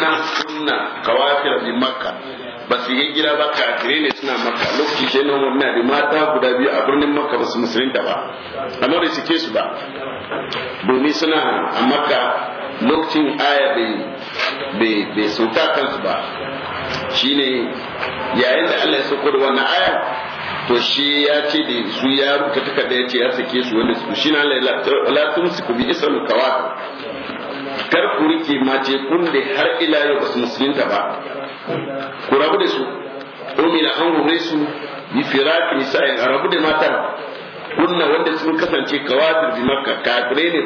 kunna kunna kawafir di makka ba su yi gira ba kafire ne suna makka lokaci shi nan umar da mata guda biyu a birnin makka ba su musulunta ba amma su ke su ba domin suna a makka lokacin aya bai sauta kansu ba shine yayin da Allah ya sauko da wannan aya to shi ya ce da su ya rubuta takarda ya ce ya sake su wanda su shi na la tumsiku bi isal kawafir kar ku rike mace kun da har ila yau ba su musulunta ba ku rabu da su na an ne su bi firaki nisa'in a rabu da matan kunna wanda sun kasance kawatir bi makka kafirai ne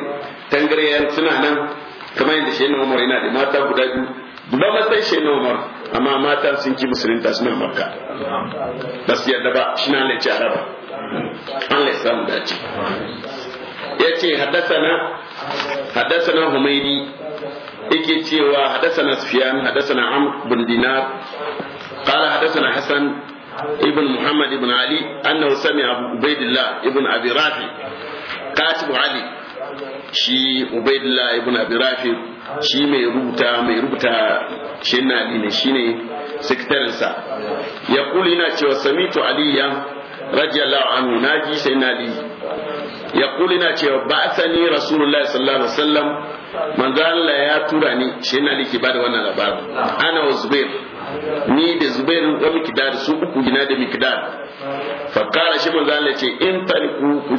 tangarayen suna nan kamar yadda shehin umar yana da mata guda biyu ma matsayin shehin umar amma mata sun ki musulunta suna makka ba su yadda ba shi na lalace araba an lai samu dace ya ce haddasa na حدثنا حميدي yake cewa hadathana sufyan hadathana amr bin dinar qala hadathana hasan ibn muhammad ibn ali annahu sami'a abu ubaidillah ibn abi rafi katib ali shi ubaidillah ibn abi rafi shi mai rubuta mai rubuta shinna ali ne shine sekretary sa ya na cewa samitu aliya radiyallahu anhu naji sai na ali yaqul na cewa basani rasulullahi sallallahu alaihi wasallam manzo Allah ya tura ni shi na liki bada wannan labarin ana wa zubair ni da zubair wa mikdad su uku gina da mikdad fa qala shi manzo Allah ce in taliku ku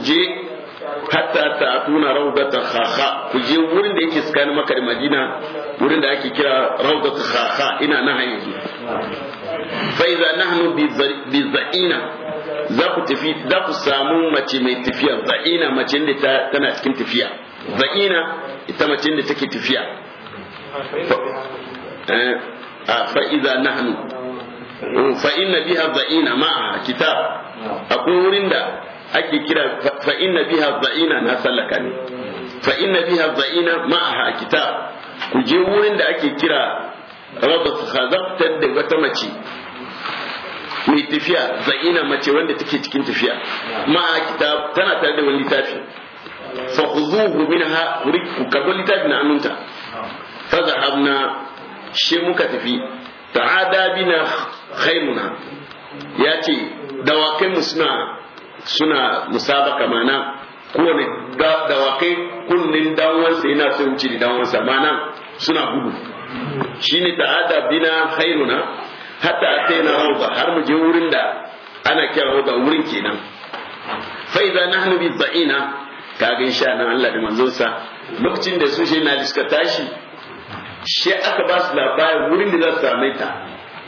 hatta ta tuna rawdatan khakha ku je wurin da yake tsakanin maka da madina wurin da ake kira rawdatan khakha ina na yanzu fa nahnu bi za'ina za ku tafi za ku samu mace mai tafiya za'ina mace da tana cikin tafiya za'ina ita mace da take tafiya fa eh, Fa'iza nahnu hmm, fa inna biha za'ina ma'a kitab akwai wurin da ake kira fa inna biha za'ina na sallaka ne fa inna biha za'ina ma'a kitab ku je wurin da ake kira rabas khazaqta da wata mace mai tafiya za'ina mace wanda take cikin tafiya ma kitab tana tare da wani littafi fa khuzuhu minha uriku ka littafi na annunta fa zahabna shi muka tafi ta'ada bina khaymuna yace dawakai mu suna suna musabaka mana kowane dawakai kunnin dawansa yana son wuce da danwansa mana suna gudu shine ta'ada bina khairuna hatta sai na rauda har mu je wurin da ana kira rauda wurin kenan fa na hannu biyu ba'ina. ka gan sha Allah Allah da manzon sa lokacin da su shi na liska tashi shi aka ba su labarin wurin da za su same ta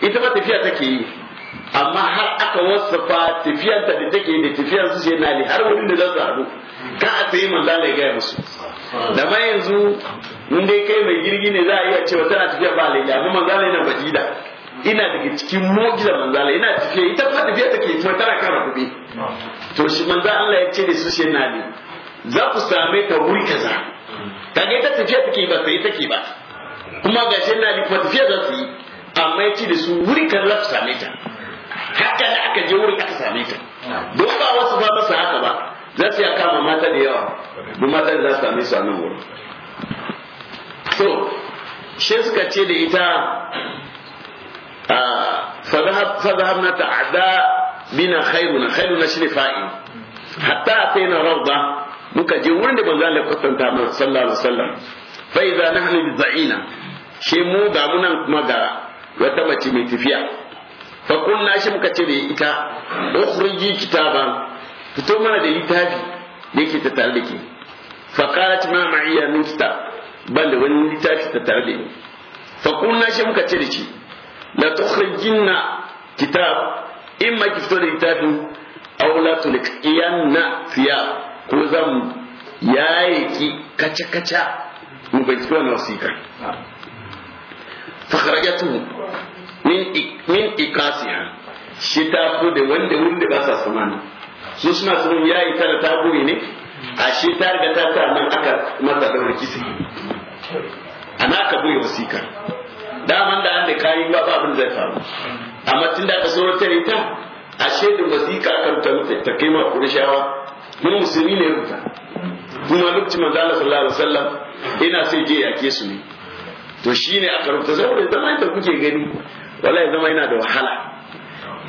ita ba tafiya take yi amma har aka wasafa tafiyarta da take da tafiyar su shi na har wurin da za su haɗu ka a tsaye manzo Allah ya gaya musu da ma yanzu in dai kai mai girgi ne za a iya cewa tana tafiya ba laifi amma manzo Allah yana bajida ina daga cikin mogila manzala ina tafiya ita fa tafiya take kuma tana kan rakube to shi manzo Allah ya ce da su shi na ne za ku same ta wuri kaza kaga ita tafiya take ba sai take ba kuma ga shi na ne kuma tafiya za su yi amma ya ce da su wuri za ku same ta haka da aka je wuri aka same ta don ba wasu ba ba su haka ba za su ya kama mata da yawa don mata da za su same su a nan wurin so shi suka ce da ita فذهبنا تعداء بنا خيرنا خيرنا شنو فائل حتى أتينا روضة muka je wurin da manzo Allah kwatanta mana sallallahu alaihi wasallam fa idza nahnu bizaina shi mu ga munan nan kuma ga wata mace mai tafiya fa kunna shi muka ce da ita ukhriji kitaban fito mana da littafi da yake ta tare da ke fa qalat ma ma'iya min kitab bal da wani littafi ta tare da ni fa kunna shi muka ce da shi la tukhrijinna kitab in ma ki fito da littafin aw la tulqiyanna thiyab ko zan yaye ki kaca kaca mu bai fito na wasika fakhrajatu min min ikasiha shi ta ko da wanda wanda ba sa samani su suna sunan yayi tana ta gure ne a shi ta riga ta ta nan aka masa da warkisi ana ka buye wasikar daman da an da kayi ba abin zai faru amma tun da aka sauran tare ta a shaidin wasiƙa kan ta kai ma kurishawa mun musulmi ne rubuta kuma lokacin manzo Allah sallallahu alaihi wasallam ina sai je yake su ne to shine aka rubuta saboda zama da kuke gani wallahi zama ina da wahala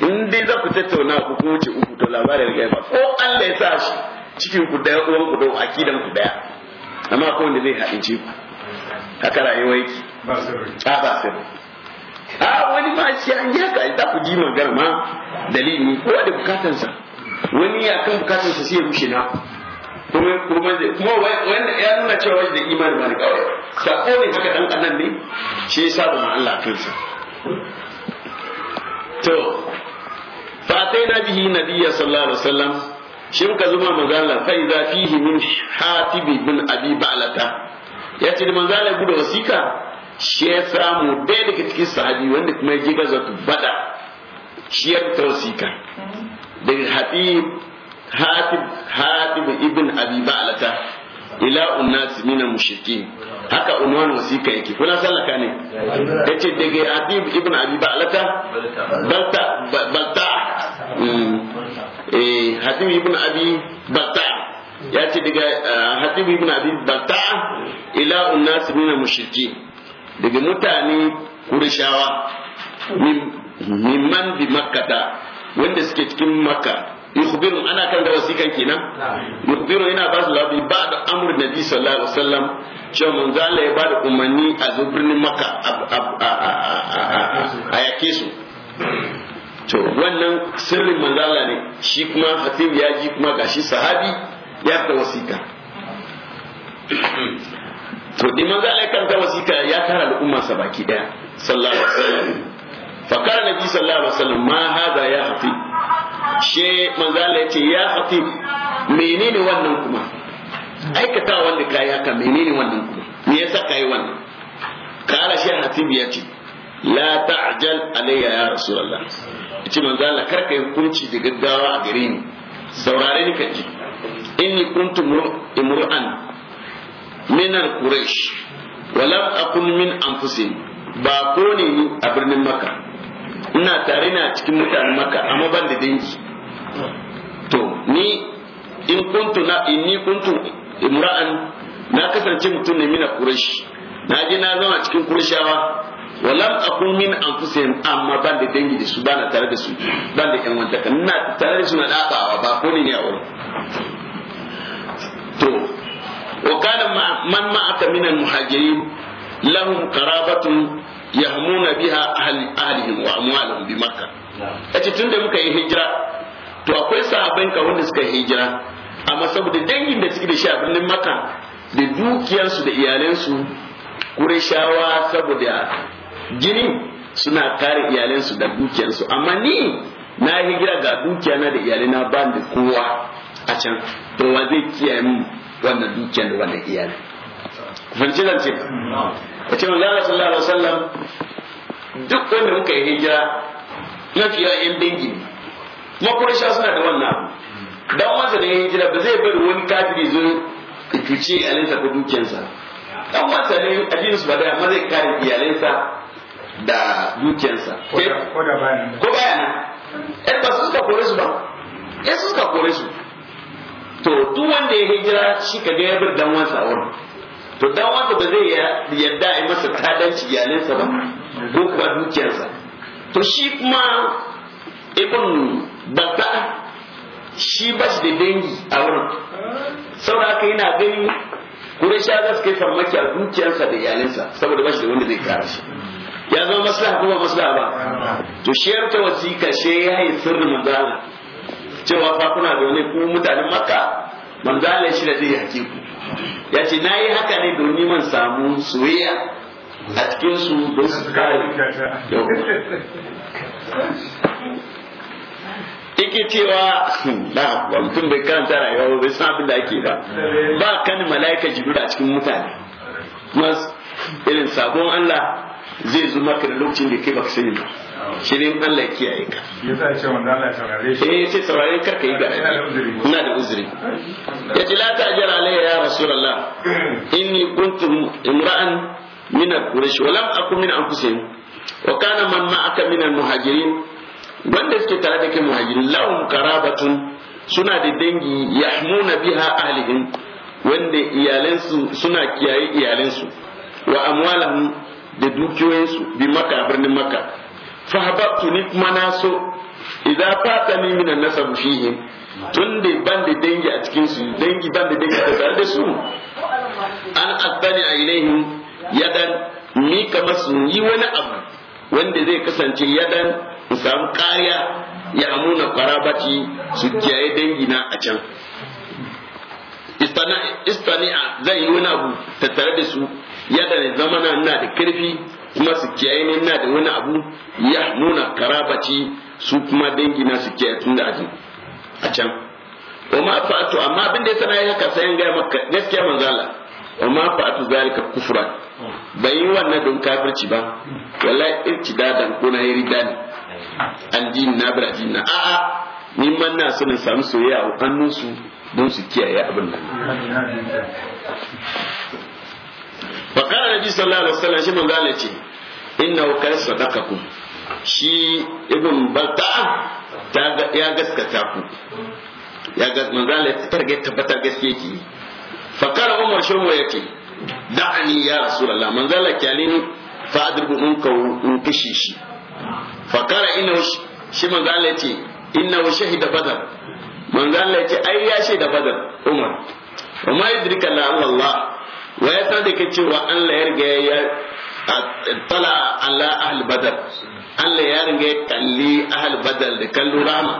in dai za ku tattauna ku ko ce uku to labarin da ba ko Allah ya sa shi cikin ku daya uwan ku da akidan ku daya amma akwai wanda zai haɗe ku haka rayuwa yake ba sirri ah, a ah, wani ma shi an yi haka ita ku ji magana ma dalili ko da sa, wani ya kan sa sai ya rushe na kuma kuma wanda ya nuna cewa da imani ba da kawai sako ne haka dan kanan ne shi ya saba ma Allah kansa to fa na bihi nabiyya sallallahu alaihi wasallam shi muka zuma magana fa idza fihi min hatib bin abi balata ya ce manzalai gudu wasika shi ya samu ɗaya daga cikin sahabi wanda kuma ya je gazatu bada shi ya tausi ka. daga habib hatib hatib ibn abi ba'lata ila unnas min mushrikin haka unwan wasika yake kuna sallaka ne yace daga habib ibn abi ba'lata balta balta mm. eh habib ibn abi balta ya ce daga eh, hatib ibn abi balta ila unnas min mushrikin daga mutane kurishawa mimman bi makkata wanda suke cikin makka yukhbiru ana kan da wasikan kenan yukhbiru yana ba su labi ba da amur nabi sallallahu alaihi wasallam cewa manzo Allah ya ba da umarni a zo birnin makka a yake su to wannan sirrin manzo Allah ne shi kuma hatib ya ji kuma gashi sahabi ya ta wasika to din manzo Allah ya karanta wasika ya tara al'umma sa baki daya sallallahu alaihi wasallam fa kana nabi sallallahu alaihi wasallam ma hada ya hafi she manzo Allah ya ce ya hafi menene wannan kuma aikata wanda kai haka menene wannan kuma me yasa kai wannan kala she hafi ya ce la ta'jal alayya ya rasulullah yace manzo Allah kar kai kunci da gaggawa a gare ni saurare ni kaji inni kuntu imru'an minar quraish walam akun min anfusihim ba ko ne ni a birnin makka ina tare na cikin mutanen makka amma ban da dangi to ni in kuntu na ni kuntu imra'an na kasance mutum ne mina quraish na je na zama cikin qurayshawa walam akun min anfusihim amma ban da dangi da su bana tare da su ban da yan wantaka ina tare da su na dakawa ba ko ne ne a wurin to وقال من معك من المهاجرين لهم قرابة يهمون بها أهل أهلهم وأموالهم بمكة yace tunda muka yi hijira to akwai sahabban ka wanda suka yi hijira amma saboda dangin da suke da shi a birnin maka, da dukiyarsu da iyalansu shawa saboda jini suna kare iyalansu da dukiyarsu amma ni na hijira ga dukiyana da iyalina ban da kowa a can to wa zai kiyaye mu wannan dukiyar da wannan iyali fahimci zan ce a ce lalata sallallahu alaihi wasallam duk wanda muka yi hijira mafiya yan dangi ne makwarisha suna da wannan abu dan wanda ya hijira ba zai bari wani kafiri zo ya cuce alinsa ko dukiyarsa dan wanda ne addinin su ba amma zai kare iyalinsa da dukiyarsa ko da bayan ko bayan eh, ba su ka kore su ba eh su ka kore su to duk wanda ya hijira shi ka ga ya bar dan wansa wurin to dan wansa ba zai yadda a masa tadanci iyalinsa ba ko kuma dukiyarsa to shi kuma ibn bata shi ba shi da dangi a wurin saboda haka yana gani kuraisha za su kai farmaki a dukiyarsa da iyalinsa saboda ba shi da wanda zai kare shi ya zama maslaha ko ba maslaha ba to shi yarta wasika shi ya yi sirrin manzana cewa fa kuna da wani ku mutanen makka manzalin shi da zai hake ku ya ce na yi haka ne domin man samu soyayya a cikin su don su kare yake cewa hmm, na mutum bai karanta rayuwa ba bai san abin da ake ba ba kan mala'ika jibril a cikin mutane kuma irin sabon Allah zai zo maka da lokacin da kai baka sani ba shirin Allah ya kiyaye ka yasa ya ce manzo Allah saurare shi eh sai saurare ka kai ga ina da uzuri ya ji la alayya ya rasulullah inni kuntu imra'an min quraish wa lam akun min anfusihim wa kana man ma'aka min al wanda suke tare da kai muhajirin lahum Batun suna da dangi yahmuna biha ahlihim wanda iyalansu suna kiyaye iyalansu wa amwalahum da dukiyoyinsu bi maka birnin maka fa habattu ni kuma na so idza fatani min an-nasab fihim tunde ban da dangi a cikin su dangi ban da dangi da tare da su an attani a ilaihim yadan ni kamar su yi wani abu wanda zai kasance yadan in samu kariya ya amuna kwarabati su kiyaye dangi na a can istani'a zai yi wani abu tattare da su yadan zamana na da karfi kuma su kiyaye na da wani abu ya nuna karabaci su kuma dangi na su kiyaye tun da aji a can wa ma fa'atu amma abin da ya sana ya haka sai gaya maka gaskiya manzo Allah wa ma fa'atu zalika kufra bai yi wannan don kafirci ba wallahi irtidadan ko na yiri dani aljin na bar aljin na a'a ni man na so samu soyayya a hannun su don su kiyaye abin nan fakara nabi sallallahu alaihi wasallam shi manzo Allah ce innahu qad sadaqakum shi ibn balta ya gaskata ku ya ga manzo Allah ya targe tabbatar gaskiya ki fakara umar shi ya ce da'ani ya rasulullah manzo Allah kyalini fa in unka in kishi shi fakara innahu shi manzo Allah ya ce innahu shahida badar manzo Allah ce ai ya shaida badar umar wa ma yudrika la Allah wa ya san da ke cewa Allah ya riga ya tala ala ahal badal Allah ya riga ya kalli ahal badar da kallon rama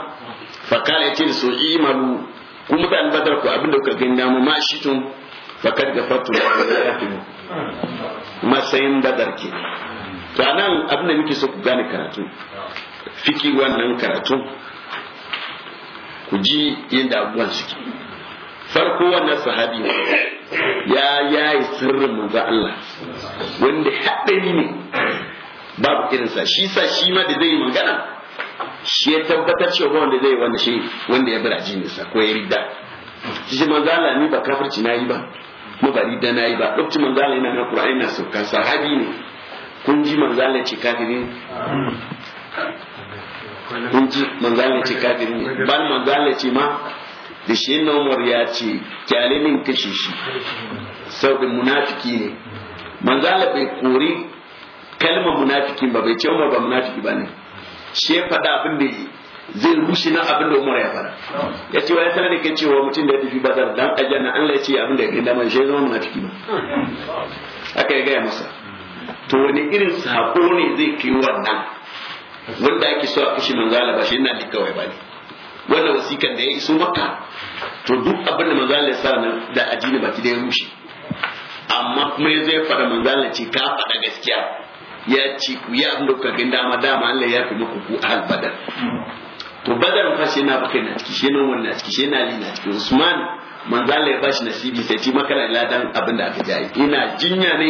fa kala ya ce su imalu ku mutan badar ku abinda kuka gani mu ma shi tun fa kad gafartu masayin badar ke to anan abin da muke so ku gane karatu fiki wannan karatu ku ji yadda abubuwan suke farko wannan sahabi ya yayi sirrin manzo Allah wanda haɗari ne babu irinsa shi sa shi ma da zai magana shi ya tabbatar cewa wanda zai wanda shi wanda ya biraji nisa ko ya ridda shi manzo Allah ni ba kafirci nayi ba mu ba ridda nayi ba lokacin manzo Allah yana na Qur'ani na sauka sahabi ne kun ji manzo Allah ce kafiri kun ji manzo Allah ce kafiri ne manzo Allah ce ma da shi yin umar ya ce kyalinin kashe shi saboda munafiki ne manzala bai kori kalmar munafiki ba bai ce umar ba munafiki ba ne shi ya faɗa abin da zai rushe na abin da umar ya faɗa ya ce wa ya sanar da kai cewa mutum da ya tafi bazar dan ajiyar Allah ya ce abin da ya gani damar shi zama munafiki ba aka yi gaya masa to wani irin sako ne zai kai wannan wanda ake so a kashe manzala ba shi yana da kawai ba ne wannan wasikan da ya iso makka to duk abin da manzo Allah ya sa nan da ajini baki da ya rushe amma kuma yanzu ya fara manzo Allah ce ka fada gaskiya ya ci ku ya abin da kuka gani dama dama Allah ya fi muku ku al badar to badar fa shi yana bakai na ciki shi yana wannan ciki shi yana lina ciki Usman manzo Allah ya bashi nasibi sai ci makara ladan abin da aka jayi ina jinya ne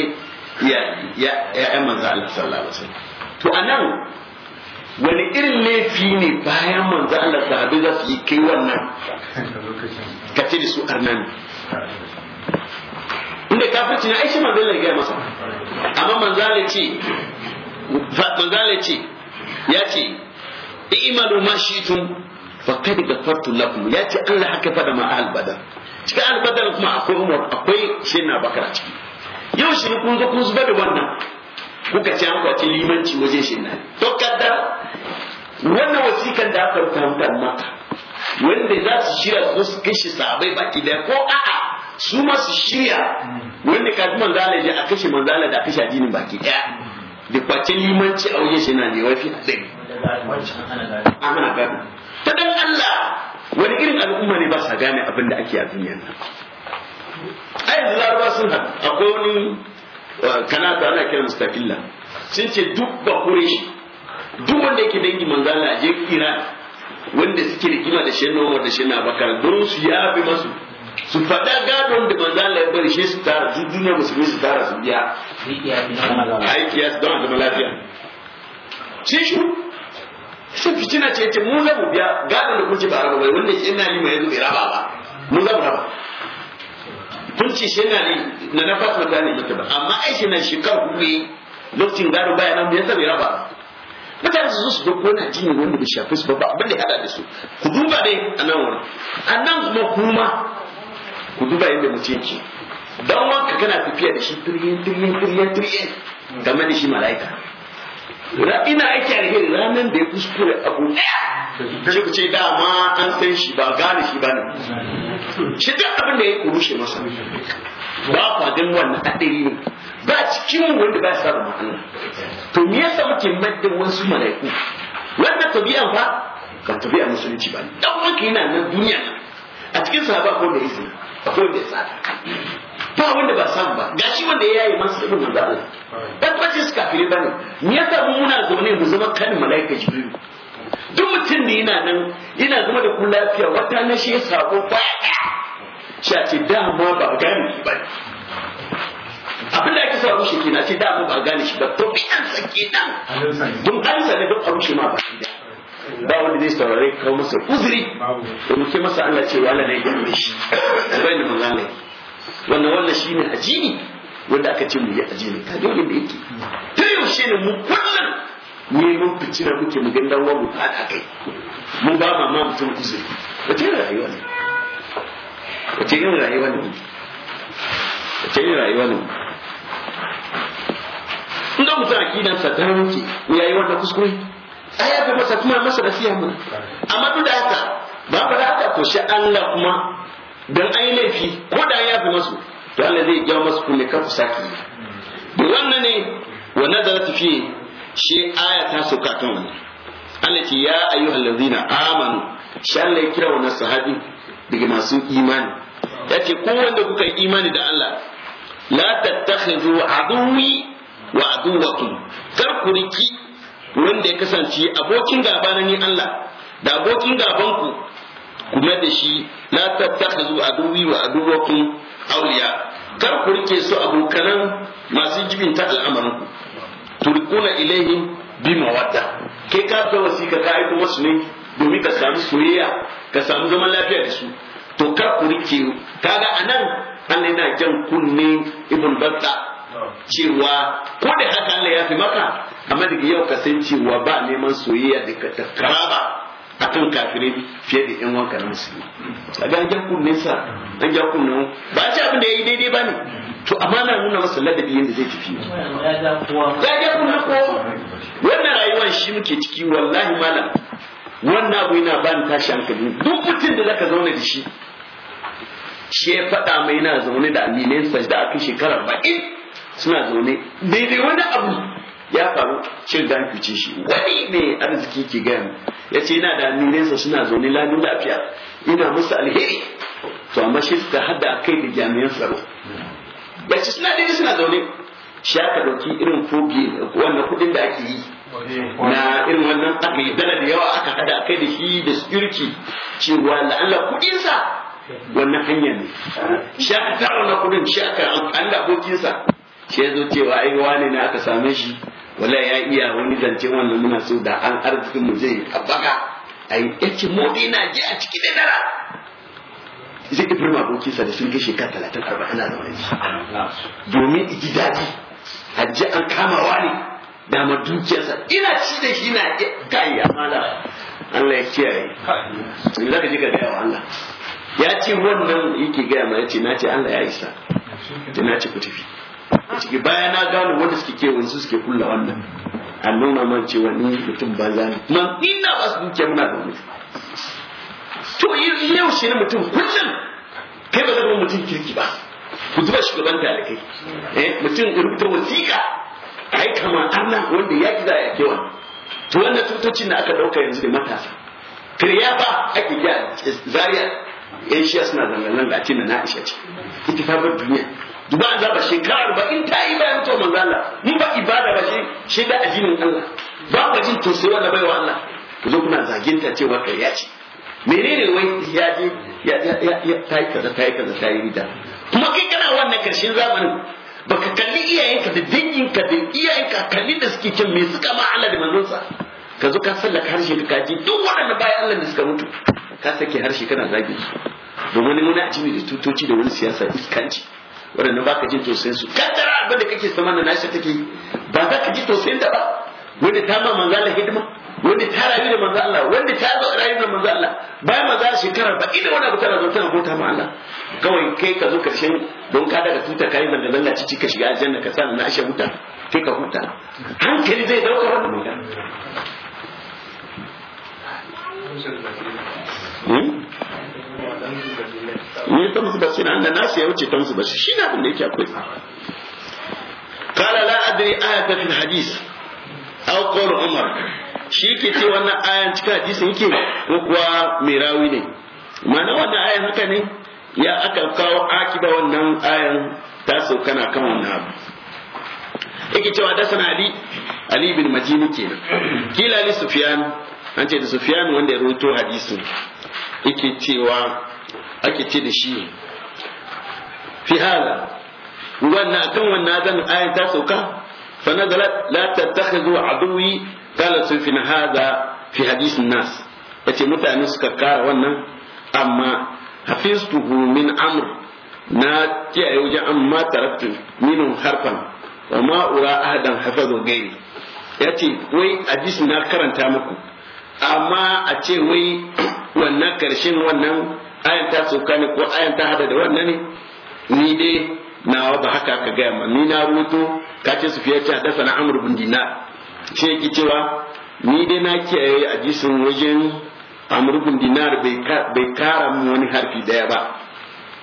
ya ya ya manzo Allah sallallahu alaihi wasallam to anan wani irin laifi ne bayan manzo Allah sahabi za su yi kai wannan ka ce da su arnani inda kafirci ne ai shi manzo Allah ya masa amma manzo Allah ce manzo Allah ce ya ce i'malu ma shi'tum qad ghafartu lakum ya ce Allah haka fada ma al badar cikin al badar kuma akwai Umar akwai na bakara ciki yau shi kun zo kun zuba da wannan kuka ci an kwace limanci wajen shi na to kadda wannan wasikan da aka rubuta mutan maka wanda za su shirya su su kashe sahabai baki da ko a'a su ma su shirya wanda kuma manzala je a kashe manzala da a kashe addinin baki daya da kwace limanci a wajen shi na ne wafi a tsaye ana gani ta dan Allah wani irin al'umma ne ba sa gane abin da ake a duniya nan a yanzu larabawa sun akwai wani kana da ana kira mustafilla sun ce duk ba shi duk wanda yake dangi manzala je kira wanda suke rigima da shan wa da shan abakar don su yafe masu su fada gadon da manzala ya bari shi su tara duniya musulmi su tara su biya aiki ya kiyas don a zama lafiya shi shi sun cina ce ce mun za biya gadon da kun ce ba a bai wanda shi yana lima yanzu bai raba ba mun za mu raba kun ce shi yana ne na na fasa ta ne ita ba amma aiki na shekar kuɗi lokacin gado baya nan bai sami raba mutane su zo su duk na jini wanda bai shafi su ba ba abin da ya hada da su ku duba dai a nan wurin a nan kuma kuma ku duba yadda mace ce dan wanka kana tafiya da shi tiryin tiryin tiryin tiryin game da shi mala'ika ina aiki rikin ranar da ya kuskure abu daya shi ku ce dama an san shi ba gane shi ba ne shi duk abin da ya shi masa ba kwa ganin wannan hadari ne ba cikin wanda ba sa ba Allah to me yasa muke maddin wasu malaiku wannan tabi'an fa ka tabi'a musulunci ba dan wanka yana nan duniya a cikin sahaba ko da izini ko da ya tsada ba wanda ba samu ba gashi wanda ya yayi masu ibn da Allah dan suka su ba ne. me yasa mu muna zaune mu zama kan malaika jibril duk mutum da yana nan yana zama da kullafiya wata na shi ya sako ba shi a ce dama ba gane ba abin da ake sa rushe ke na ce dama ba gane shi ba to bi an sake nan don an ne don a rushe ma ba ba wanda zai saurare kawo masa uzuri da muke masa Allah ce wala ne ya shi bai da magana wannan wannan shine ajini wanda aka ce mu yi ajini ka dole da yake ta yaushe ne mu kullum ne mun fice da muke mu gandan wa mu fada kai Mun ba ma mutum uzuri wace rayuwa ne wace irin rayuwa ne wace irin rayuwa ne in da mutum sa ta rinci ya yayi wannan kuskure ai ya masa kuma masa da siya mana amma duk da haka ba ba haka to shi Allah kuma dan ai laifi ko da ya fi masu to Allah zai jawo masu kuma ka ku saki da wannan ne wa nazarat fi shi aya ta sauka kan wannan Allah ce ya ayyuhallazina amanu shi Allah ya kira wannan sahabi daga masu imani ya ce wanda kuka yi imani da Allah la tattakhidhu aduwi wa aduwakum kar ku riki wanda ya kasance abokin gaba na ni Allah da abokin gabanku. ku kuma da shi la tattakhidhu aduwi wa aduwakum awliya kar ku rike su abokanan masu jibinta al'amarin ku turkuna ilaihim bi mawadda kai ka ta wasika ka aiko wasu ne domin ka samu soyayya ka samu zaman lafiya da su to kar ku rike kaga anan Allah yana jan kunne ibn batta cewa ko da haka Allah ya fi maka amma daga yau ka san cewa ba neman soyayya da ka karaba kan kafirai fiye da yan wanka na musulmi a ga jan kunne sa an jan kunne ba ce abin da yayi daidai bane to amma na nuna masa ladabi yadda zai tafi ya ga kunne ko wannan rayuwar shi muke ciki wallahi malam wannan abu yana ba ni tashi hankali duk mutum da zaka zauna da shi shi ya faɗa mai yana zaune da alilinsa da aka shekara baƙi suna zaune daidai wani abu ya faru cin da fice shi wani ne arziki ke gaya ya ce yana da sa suna zaune lami lafiya ina musu alheri to amma shi suka hada kai da jami'an tsaro ya ce suna daidai suna zaune shi aka ɗauki irin fobi wannan kuɗin da ake yi na irin wannan mai dala da yawa aka hada kai da shi da security cewa la'alla kudinsa wannan hanyar ne shi aka tara na kudin shi aka amfani da abokinsa shi ya zo cewa ai wane ne aka same shi wala ya iya wani zance wannan muna so da an arzikin mu zai tabbaka ai yace modi na je a cikin da dara zai firma abokinsa da sun kai shekara talatin arba'in na zaune domin ji daji hajji an kama wani dama dukiyarsa ina ci da shi na kai amala Allah ya kiyaye in zaka ji ka gaya wa Allah ya ce wannan yake ga ma ya ce na ce Allah ya isa ce na ce ku tafi ciki baya na gano wanda suke ke su suke kulla wannan a nuna man cewa ni mutum za ne man ina ba su dukiya muna da wani to yau shi ne mutum kullum kai ba zama mutum kirki ba ku zuba shugaban da kai eh, mutum rubuta wasiƙa ai kama Allah wanda ya ki ya kewa to wannan tutocin da aka dauka yanzu da matasa kiriya ba ake ga zaria yan shiya suna nan da na na isha ce ita ta bar duniya duba an zaba shekara in ta yi bayan to manzo Allah mun ba ibada ba shi shi da ajinin Allah ba ka jin tausayi wanda baiwa Allah ku zo kuna zaginta cewa kariya ce menene wai ya je ya ta yi kaza ta yi kaza ta yi rida kuma kai kana wannan karshen zamanin baka kalli iyayenka da dinginka da iyayenka kalli da suke cin me suka ma Allah da manzonsa ka zo ka sallaka harshe ka ji duk waɗanda bayan Allah da suka mutu ka sake harshe kana zagi su domin wani munaci ne da tutoci da wani siyasa iskanci waɗanda baka jin tausayin su tara abin da kake sama na nashi take ba za ka ji tausayin ta ba wanda ta ma manzo Allah hidima wanda ta rayu da manzo Allah wanda ta zo rayu da manzo Allah ma za Allah shekara ba idan wani abu zo tana bauta ma Allah kawai kai ka zo karshen don ka daga tuta kai da Allah ci ka shiga aljanna ka samu na ashe huta kai ka huta hankali zai dauka mu magana hmm? ni ta musu basira na da nasu ya wuce ta musu basira shi na abin da yake akwai قال لا أدري آية في الحديث aw qawl umar shi ke ce wannan ayan cikin hadisi yake ko kuwa mai rawi ne ma'ana wannan ayan haka ne ya aka kawo akiba wannan ayan ta na kan wannan abu yake cewa da sana ali ali bin majini kenan kila ali sufyan an ce da sufyan wanda ya rawaito hadisi. yake cewa ake ce da shi fi hala wannan akan wannan zan ayan ta sauka فنزلت لا تتخذوا عدوي ثالث هذا في حديث الناس اتي mutane suka kara wannan amma hafiztuhu min amr na kiyaye wajen amma taraktu minun harfan wa ma ura ahadan hafazu gairi yace wai hadisi na karanta muku amma a ce wai wannan karshen wannan ayanta ta ne ko ayanta hada da wannan ne ni dai nawa ba haka aka gaya ma ni na rubuto ka ce su fiye ce dasa na amur bin dina ce yake cewa ni dai na kiyaye a jisun wajen amur bin dinar bai kara mu wani harfi daya ba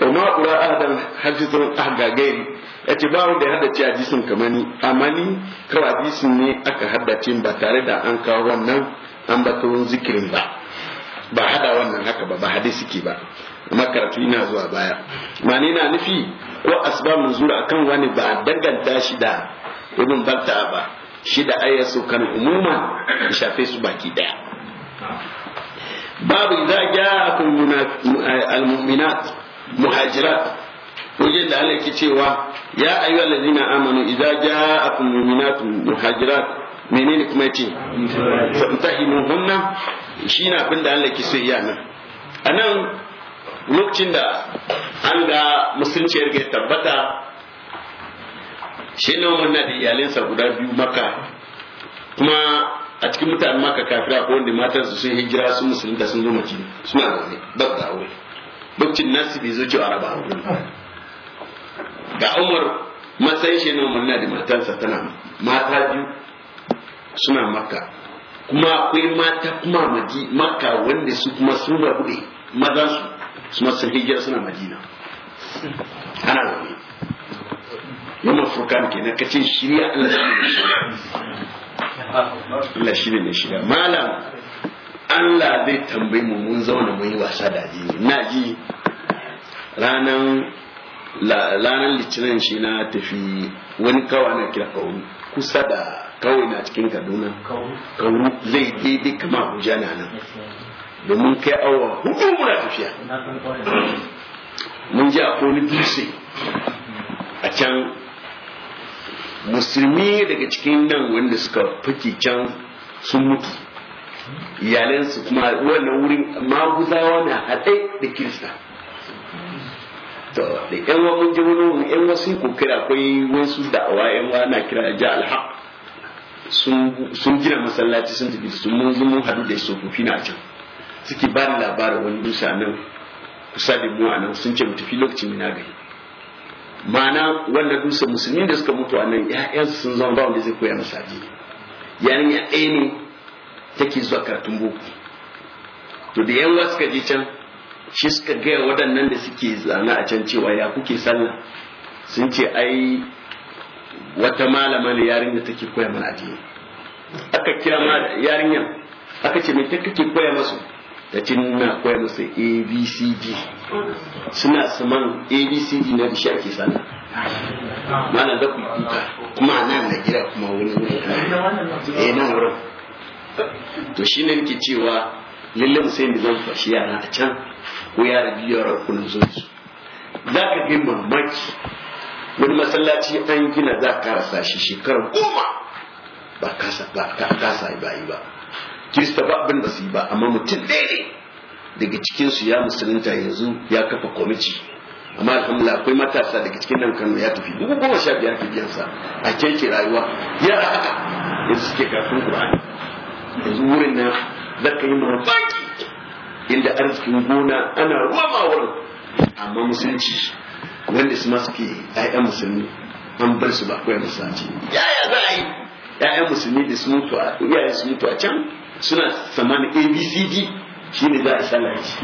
amma ura ahadan hadisun ahgagairi ya ce ba wanda ya haddace a jisun kamani ni amma ni kawai jisun ne aka haddace ba tare da an kawo wannan an bato zikirin ba ba hada wannan haka ba ba hadisi ke ba amma karatu ina zuwa baya ma ni na nufi ko asbabun nuzul akan wani ba a danganta shi da ibn batta ba shi da ayya kan umuma ya shafe su baki daya babu idza ja'akum almu'minat muhajirat wajen da Allah yake cewa ya ayu allazina amanu idza ja'akum mu'minat muhajirat menene kuma yace fantahimuhunna shi na abin da Allah yake so iya nan anan lokacin da an ga musulunci ya tabbata shi ne murna da iyalinsa guda biyu maka kuma a cikin mutanen maka kafira ko wanda matan su sun hijira sun musulunta sun zo madina suna zaune ba su aure lokacin nasu bai zo ci a raba aure ga umar matsayin shi ne murna da matansa tana mata biyu suna maka. kuma akwai mata kuma madi maka wanda su kuma sun rabu maza mazansu su ma sun hijira suna madina ana zaune yamma furkan kenan kace shirya Allah shi Allah shi ne shiga malam Allah zai tambayi mu mun zauna mun yi wasa da ji na ji ranan ranar litinin shi na tafi wani kawa na kira kauru kusa da kawai na cikin kaduna kauru zai daidai kama abuja na nan domin kai awa hudu muna tafiya mun ji akwai wani a can musulmi daga cikin nan wanda suka fake can sun mutu iyalansu kuma wannan wurin maguzawa na haɗai da kirista to da yan wa mun ji wani yan wasu ko kira akwai wasu da'awa yan wa na kira ja alhaq sun gina masallaci sun tafi sun mun zo hadu da tsofaffi na can suke ba labarin wani dusa nan kusa da mu a nan sun ce mu tafi lokacin na gari ma'ana wannan dusa musulmi da suka mutu a nan ya'yansu sun zama ba wanda zai koya masa addini yarin ya ɗaya ne take zuwa karatun boko to da yawa suka je can shi suka gaya waɗannan da suke zana a can cewa ya kuke sallah sun ce ai wata malama ne yarinya take koya mana addini aka kira ma yarinyar aka ce me ta kake koya masu da tun na koya masa abcd suna saman abcd na da shi ake sana mana da ku kuka kuma nan na gira kuma wani wuri eh nan wurin to shi ne nake cewa lalle sai zan fashi yana a can ko yara biyu yara na zo su za ka ga mamaki wani masallaci an gina za ka rasa shi shekarar goma ba kasa ba yi ba kirista ba abin da su ba amma mutum ɗaya ne daga cikinsu ya musulunta yanzu ya kafa kwamiti amma alhamdulillah akwai matasa daga cikin nan kano ya tafi dubu goma sha biyar fi biyansa a keke rayuwa ya yanzu suke kafin qur'ani yanzu wurin nan za ka yi mamaki inda arzikin gona ana ruwa ma wurin amma musulunci wanda su ma suke ƴaƴan musulmi an bar su ba koyar musulunci yaya za a yi ya'yan musulmi da su mutu a can suna saman abcd shi ne za a sallah shi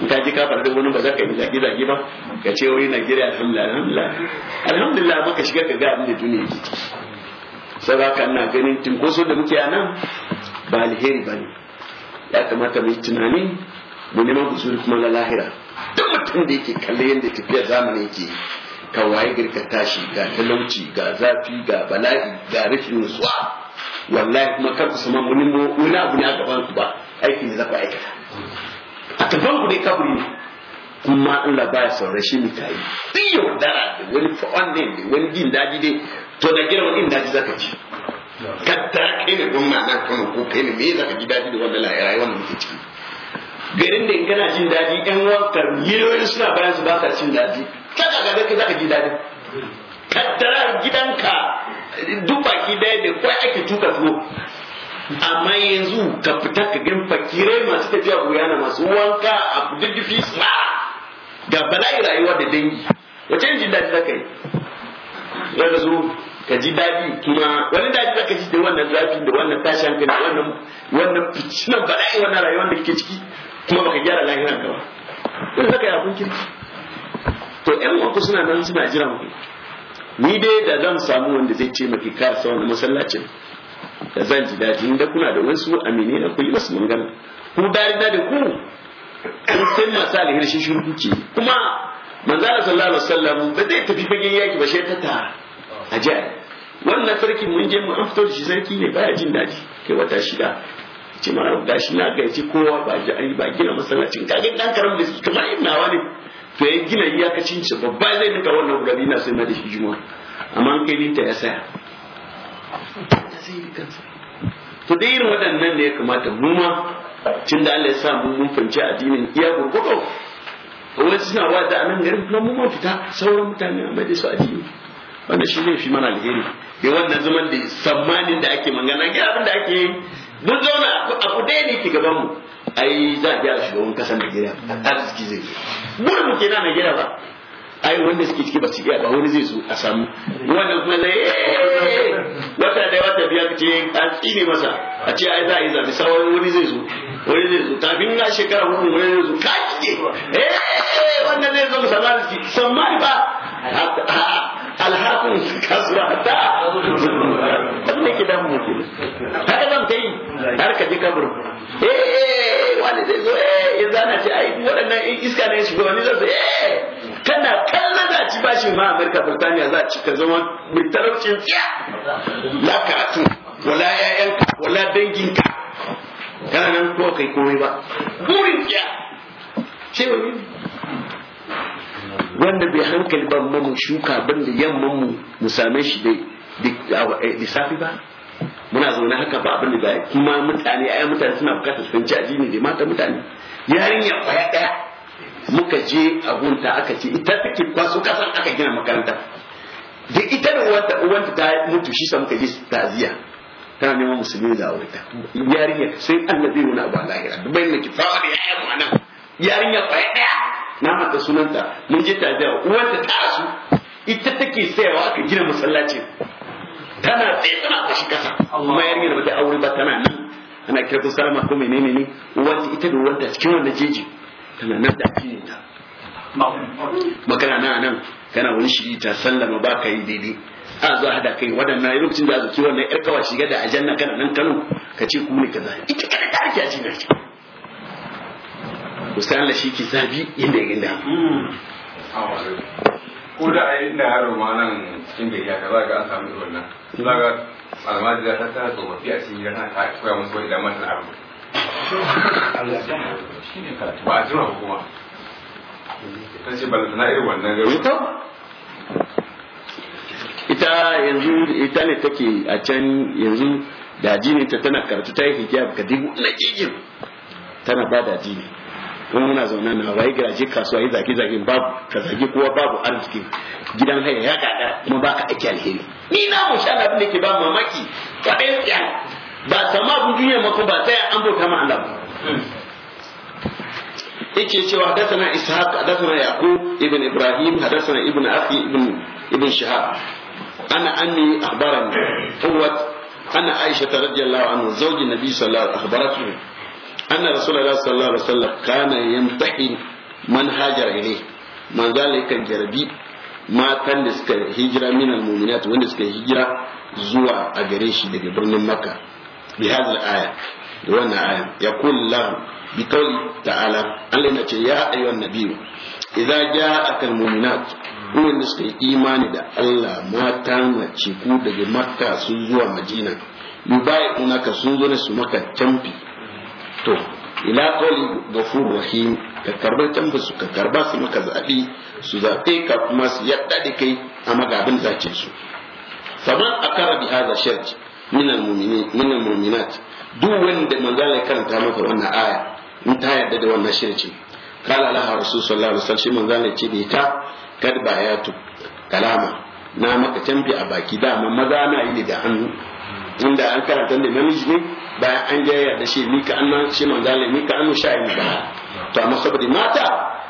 in ka ji kafar da wani ba za ka yi zage zage ba ka ce wani najeriya alhamdulillah alhamdulillah alhamdulillah maka shiga ka ga abin da duniya ke ka ina ganin tinkoso da muke a nan ba alheri ba ne ya kamata mu yi tunani mu neman kusuri kuma na lahira duk mutum da yake kalle yadda tafiyar zamani yake ka waye girka tashi ga talauci ga zafi ga bala'i ga rashin nutsuwa wallahi kuma kar ku sama wani wani abu ne a gaban ku ba aiki ne za ku aikata a gaban ku dai kaburi ne kuma Allah ba ya saurare shi ne kai duk yaudara da wani fa'on ne da wani jin daji dai to da girman jin daji zaka ci kadda kai ne gwamna na kuma ko kai ne me zaka ji daji da wannan rayuwar da muke ci garin da kana jin daji ɗan wanka miliyoyin suna bayan su ba ka jin daji kada ga kai zaka ji daji kaddara gidanka duk baki daya ne kwai ake tuka tuwo amma yanzu ka fita ka gan fakirai masu tafiya na masu wanka a duddufi suna ga bala'i rayuwa da dangi wacce jin daɗi za ka yi ya ka zo ka ji daɗi kuma wani daɗi za ka ji da wannan zafin da wannan tashi hankali da wannan wannan ficinan bala'i wannan rayuwa da ke ciki kuma baka gyara lahiran ka ba yanzu za ka yi abin kirki to ƴan wanku suna nan suna jiran ku ni dai da zan samu wanda zai ce mafi kasa wani masallacin da zan ji daji inda kuna da wasu amini na kuyi masu magana ku dari na da ku An san masu alheri shi shirku kuke kuma manzala sallallahu alaihi wasallam ba zai tafi fagen yaki ba shi ta ta aje wannan sarki mun je mu an fito da shi sarki ne baya jin daji kai wata shida ce ma shi na ga ce kowa ba ji ba gina masallacin kaga dan karamin da kamar nawa ne to ya gina iyakacin sa babba zai duka wannan gari na sai na da shi juma amma kai ta ya saya to dai irin waɗannan ne ya kamata mu ma cin da Allah ya sa mu mun fahimci addinin iya gurgudu wani suna ba da nan garin kuma mu ma fita sauran mutane a mai su addini wanda shi ne fi mana alheri da wannan zaman da sammanin da ake magana ga abin da ake yi mun zauna a kudai ne ke gaban mu ai za a biya shugaban kasa Najeriya arziki zai zo burin mu kenan Najeriya ba ai wanda suke ciki ba su iya ba wani zai zo a samu wannan kuma zai wata da wata biya ce an ne masa a ce ai za a yi zabi sawan wani zai zo wani zai zo kafin na shekara hudu wani zai zo ka ci kike wannan zai zo musamman arziki samari ba alhakun kasuwa ta abu da ke damu ne haka zan ta yi har ka je kaburin Eh, wani zai zo eh in zana ce ai waɗannan in iska ne wani zai zo eh kana kallon za ci bashin ma Amurka Burtaniya za ci ka zama mai talaucin tsiya la karatu wala yayanka wala danginka kana nan ko kai komai ba burin tsiya ce wani wanda bai hankali ban mamu shuka ban da yamman mu mu same shi da safi ba muna zaune haka ba abin da kuma mutane ai mutane suna bukatar su fahimci addini da mata mutane yarinya kwaya daya muka je a gunta aka ce ita take kwaso kasan aka gina makaranta da ita da wata uwanta ta mutu shi sa muka je taziya tana neman musulmi da aureta yarinya sai Allah zai nuna abu a lahira bayan nake ki da yayan mu yarinya kwaya daya na mata sunanta mun je taziya uwanta ta rasu ita take sayawa aka gina masallaci tana tsaye tana kashi kasa kuma yarinyar ba ta aure ba tana nan ana kira ko salama ko menene ne wanda ita da wanda cikin wanda jeji tana nan da addinin ta makana nan nan kana wani shiri ta sallama ba ka yi daidai a zuwa hada kai waɗannan yi lokacin da zuki wannan yar kawai shiga da ajanna kana nan Kano ka ce ku ne kaza ita kana da ake aji na Ustaz Allah shi ke zabi inda ya ganda. ko da ai ma nan cikin gari haka za ga an samu irin nan za ga almajira ta tara tsofaffi a cikin gidan ta koya musu wani idan mata abu ba a jima kuma ta ce balanta na irin wannan gari ita yanzu ita ne take a can yanzu da jini ta tana karatu ta yi hijab ka dubu na jijin tana ba da jini in muna zaune na waye garaje kasuwa yi zage zage babu ka zage kowa babu arziki gidan haya ya gada kuma ba ka ake alheri ni na mu sha abin da ke ba mamaki kaɗai tsaya ba sama abin duniya mako ba tsaya an bauta ma Allah yake cewa hadathana ishaq hadathana yaqub ibn ibrahim hadathana ibn akhi ibn ibn shihab ana anni akhbarani qurrat ana aisha radiyallahu anha zawji nabi sallallahu alaihi wasallam anna rasulullah sallallahu alaihi wasallam kana yamtahin man hajar ilai manzo Allah yakan jarabi matan da suka hijira min almu'minat wanda suka hijira zuwa a gare shi daga birnin makka bi hadhihi aya da wannan aya yaqul lahum bi qawli ta'ala Allah yana ce ya ayyuhan nabiyyu idza ja'aka almu'minat wanda suka yi imani da Allah mata mace ku daga makka sun zuwa madina yubai unaka sun zo ne su maka camfi to ila qawli Gafur rahim ka karba tamba su ka karba su maka zabi su zabe ka kuma su yadda da kai a magabin zace su saman akara bi hadha shart min almu'minin min duk wanda manzala karanta maka wannan aya in ta yadda da wannan shirci kala laha rasul sallallahu alaihi wasallam shi manzala ce da ita kad kalama na maka tambi a baki dama maza na yi da hannu inda an karanta da namiji ne bayan an gaya da shi ni ka annan shi ni ka annu sha ba to amma saboda mata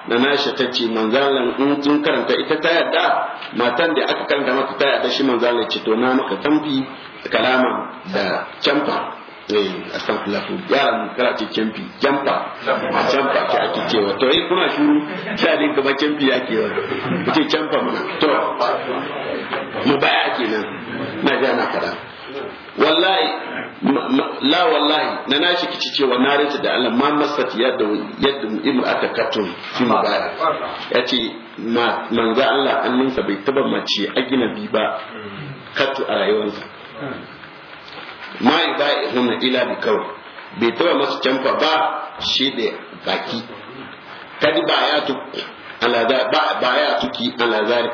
na nasha ta ce manzalan in kin karanta ita ta yarda matan da aka karanta maka ta yarda shi manzala ce to na maka tambi kalama da champa eh astaghfirullah yaran karatu champi champa a champa ke ake cewa to eh kuna shuru sai dai gaba camfi yake wa ce champa mana to mu baya kenan na ga na karanta wallahi la wallahi na na shi kici cewa na rinta da Allah ma masat yadda yadda aka katun fi ce yace manzo Allah annansa bai taba mace bi ba katu a rayuwarsa ma ida hunna ila bi kawai bai taba masa canfa ba shi da baki kadi ba ya baya ya tuki ala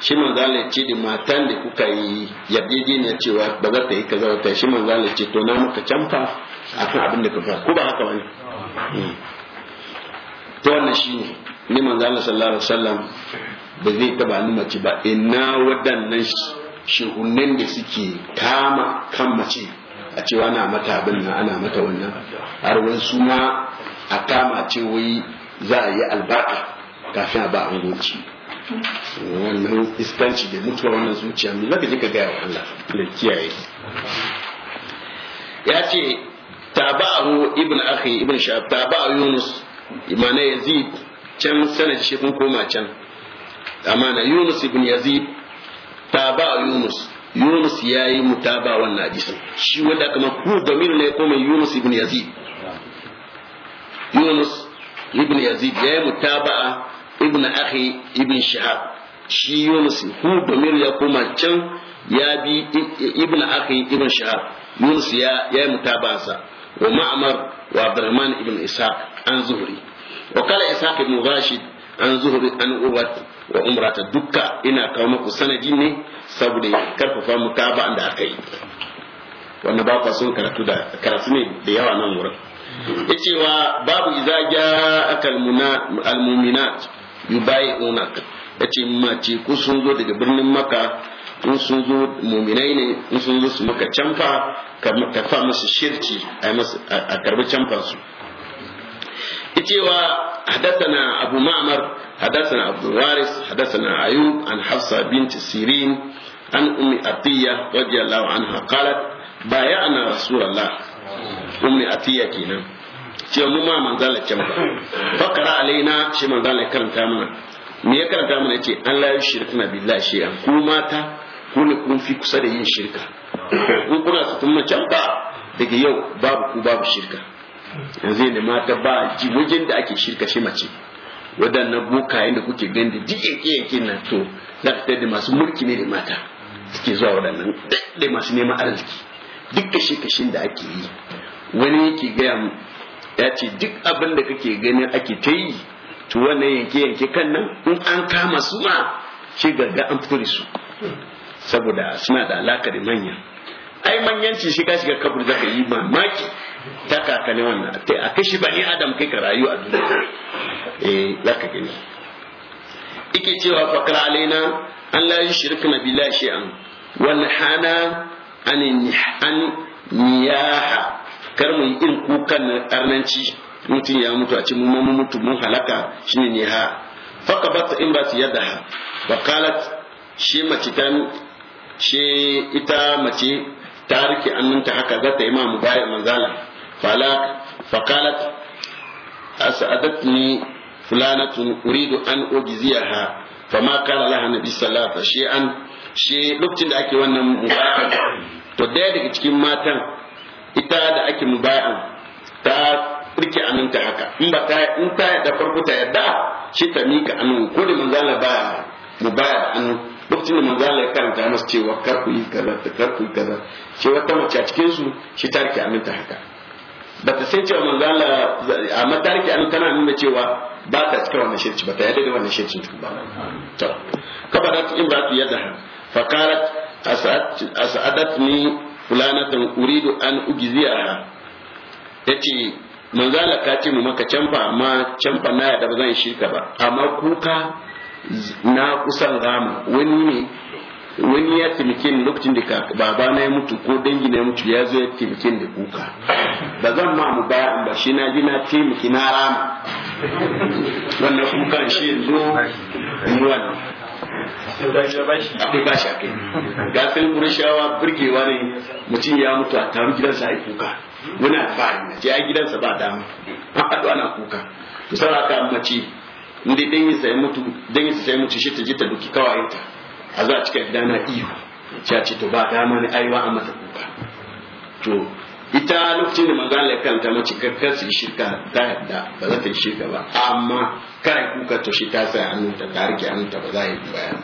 shi manzala ce da matan da kuka yi yarjejeniya cewa ba za ta yi kaza ta shi manzala ce to na muka canfa kan abin da ka ko ba haka bane hmm. to wannan shi ne manzala sallallahu alaihi wasallam ba zai taba ni mace ba ina waɗannan shehunan da suke kama kan mace a cewa ana mata abin nan ana mata wannan har wani suna a kama ce wai za a yi albarka kafin a ba goci wannan iskanci da mutuwa wannan zuciya mai zaka je gaya wa Allah da kiyaye ya ce tabahu ibn akhi ibn shahab tabahu yunus imana yazid can sanadi shi kun koma can amana yunus ibn yazid tabahu yunus yunus yayi mutaba wannan hadisin shi wanda kuma ku damir ne ko mai yunus ibn yazid yunus ibn yazid yayi mutaba'a ibn akhi ibn shihab shi yunus hu damir ya koma can ya bi ibn akhi ibn shihab yunus ya ya mutabansa wa ma'mar wa abdurrahman ibn ishaq an zuhri wa kala ishaq ibn rashid an zuhri an urwat wa umrata dukka ina kawo muku sanadi ne saboda karfafa mutaba'an da aka yi wannan ba ka son karatu da karatu ne da yawa nan wurin yace wa babu idza ja'a al mu'minat yubayi'unaka ce mace ko sun zo daga birnin maka in sun zo muminai ne in sun zo su maka canfa ka fa musu shirci a karbi canfansu su cewa حدثنا أبو معمر حدثنا عبد الوارث حدثنا أيوب عن حفصة بنت سيرين عن أم أطية رضي الله عنها قالت بايعنا رسول الله أم أطية كنا ce mu ma manzala can ba fakara alaina shi manzala ya karanta mana me ya karanta mana ce an shirka na billahi an ku mata ku ne kun fi kusa da yin shirka ku kuna su tun can ba daga yau babu ku babu shirka yanzu ne mata ba ji wajen da ake shirka shi mace waɗannan bokayen da kuke gani da duk yanke na to za ka da masu mulki ne da mata suke zuwa waɗannan da masu neman arziki duk kashe da ake yi wani yake gaya mu. ya ce duk abin da kake ganin ake ta yi to wannan yanke yanke kan nan in an kama su ma ce gaga an fito su saboda suna da alaka da manya ai manyanci shi ka shiga kabur zaka yi mamaki ta kakane wannan a kashi ni adam kai ka rayu a duniya eh zaka gani ike cewa fakar alaina an la yi shirka na bila shi'an wani hana an niyaha kar mu yi irin kukan arnanci mutum ya mutu a cikin mun mun mutu mun halaka shine ne ha faka ba in ba su yadda ha wa kalat shi mace ta shi ita mace ta rike annunta haka za ta yi ma mubayar manzala fala fakalat ni fulanatun uridu an ha fa ma kala laha nabi sallallahu alaihi wasallam shi an shi lokacin da ake wannan mubayar to daya daga cikin matan ita da ake mubayan ta rike aminta haka in ba ta in ta yadda farko ta yadda shi ta mika anu ko da manzala ba mubaya anu lokacin da manzala ya karanta masu cewa kar ku yi kaza ta kar ku yi kaza shi wata mace a cikin su shi ta rike aminta haka ba ta san cewa manzala a matarki an tana nuna cewa ba ta cika wannan shirci ba ta yadda da wannan shirci tun ba to kabarat imratu yadaha faqalat as'adatni fulanatan uridu an ugiziyaha yace manzala ka ce mu maka canfa amma canfa na yadda ba zan shirka ba amma kuka na kusan rama wani ne wani ya taimake ni lokacin da baba na ya mutu ko dangi na ya mutu ya zo ya taimake da kuka ba zan ma mu baya ba shi na ji na taimake na rama wannan kuka shi yanzu wannan dai ba shi akai ga shawa murashawa burgewa ne mutum ya mutu a taru gidansa a yi kuka wani alfahari na ce a gidansa ba dama an haɗu ana kuka to saraka mace inda dangin sa mutu shi ta je ta duki kawayenta a za a cika gidana iyo ce a ce to ba dama ne ai ba a mata kuka to ita lokacin da manzo ya kanta mace kakkar su shirka ta yadda ba za ta yi shirka ba amma kare kuka to shi ta sa hannu ta ta rike hannu ta ba za a yi bayan.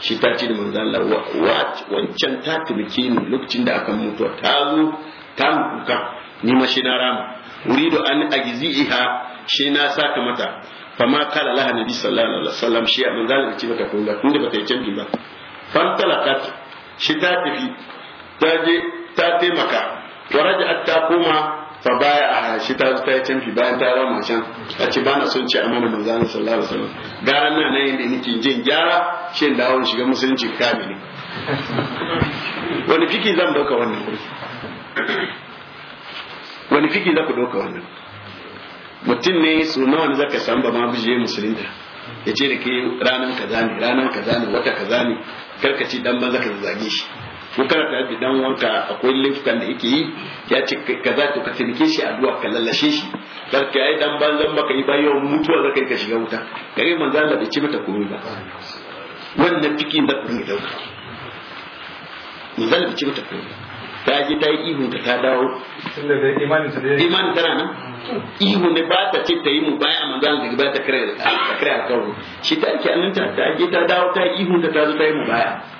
shi ta ce da manzo Allah wancan ta tumke ni lokacin da aka mutuwa ta zo ta kuka ni ma shi na rama wuri uridu an agizi iha shi na saka mata fama kala laha nabi sallallahu alaihi wasallam shi a manzo ya ce mata kun ga kun da bata yi canji ba fan talakat shi ta tafi ta je ta taimaka faraja'at ta koma fa baya a shi ta ta can fi bayan ta rama can a ce na son ci amana manzon sallallahu alaihi wasallam gara nan nan yanda nake jin gyara shi da awon shiga musulunci kamili wani fiki zan dauka wannan wani fiki za ku dauka wannan mutum ne su nawa ne zaka san ba ma bije musulunta ya ce da ke ranan kaza ne ranar kaza ne wata kaza ne karkaci dan maza ka zage shi ko kana tare da dan wanka akwai laifukan da yake yi ya ce kaza to ka tsinke shi duwa ka lallashe shi kar ka yi dan banzan baka yi bayan mutuwa zaka yi ka shiga wuta kare manzo Allah bai ci mata komai ba wannan fiki da kun dauka manzo Allah bai ci mata komai ta ji ta yi ihu ta ta dawo imani tana nan ihu ne ba ta ce ta yi mu baya manzo Allah daga ba ta kare ta kare alƙawari shi ta ke annanta ta ji ta dawo ta yi ihu ta ta zo ta yi mu baya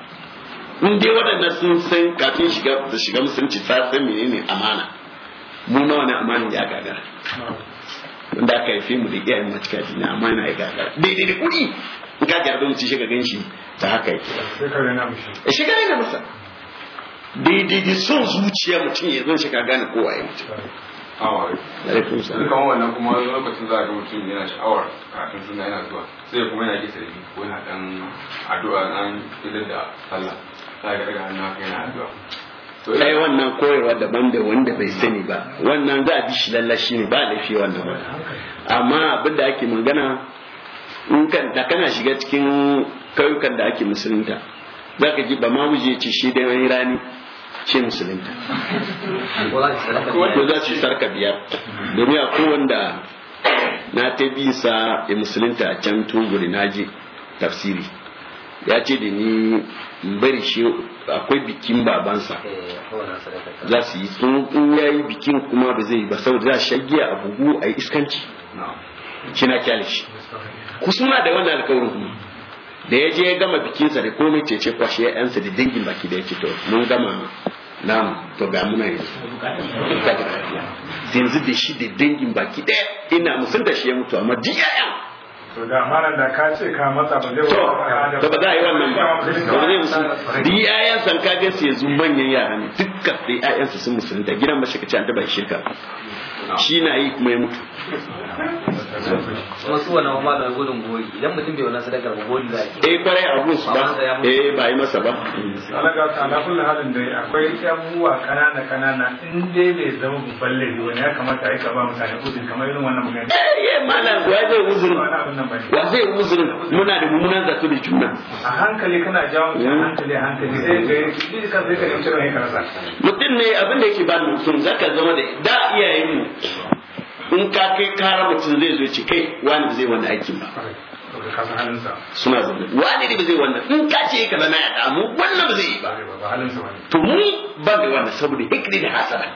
in dai waɗanda sun san kafin shiga su shiga musulunci ta san menene amana mu na wani amana ya gagara da aka haife mu da yin matuka jini amana ya gagara daidai da kuɗi in ka gyara don ci shiga gan shi ta haka yake ne na eh, masa daidai da son zuciya mutum ya zan shiga gane kowa ya mutum sha'awar kamar wannan kuma lokacin za a ga mutum yana sha'awar kafin suna yana zuwa sai kuma yana ke sarki ko yana dan addu'a nan idan da sallah kai wannan koyarwa daban da wanda bai sani ba wannan za a bi shi lallashi ne ba laifi wannan ba amma abin da ake magana in da kana shiga cikin kayukan da ake musulunta za ka ji ba ma muje ce shi da wani rani ce musulunta ko za ce sarka biyar domin a kowanda na ta bisa ya musulunta a can tunguri na je tafsiri ya ce da ni bari shi akwai bikin babansa eh, za su yi in ya yi bikin kuma ba zai yi ba sau za sha a bugu a yi iskanci shi na kyale shi suna da wannan alkawarin da ya je ya gama bikinsa da komai cece kwashe yansa da dangin baki da ya ce to mun gama mu to ga muna yanzu yanzu da shi da dangin baki ɗaya ina musun da shi ya mutu amma duk 'ya'yan to da malam da ka ce ka matsa ba zai wani ba ba za a yi wannan ba ba zai musu san ka ga yanzu manyan yara ne dukkan da ƴaƴan su sun musulunta gidan ba shi ka ce an taba shirka shi na yi kuma ya mutu wasu wannan kuma da gudun goyi idan mutum bai wannan sadaka ba goyi za ya eh kwarai a gun su ba eh ba yi masa ba alaka ta na kullu halin da akwai abubuwa kanana kanana in dai bai zama babban laifi wani ya kamata a yi ba mutane uzuri kamar irin wannan magana eh eh malam wa zai uzurin wa zai uzurin muna da mummunan zato da juna a hankali kana jawo hankali hankali sai ga yi ka zai ka nemi mutum ne abin da yake ba mutum zaka zama da da iyayen in ka kai kara mutum zai zo ce kai wani ba zai wani aikin ba suna zaune wani ne ba zai wannan in ka ce ka na ya damu wannan ba zai yi ba to mu ba da wannan saboda hikri da hasara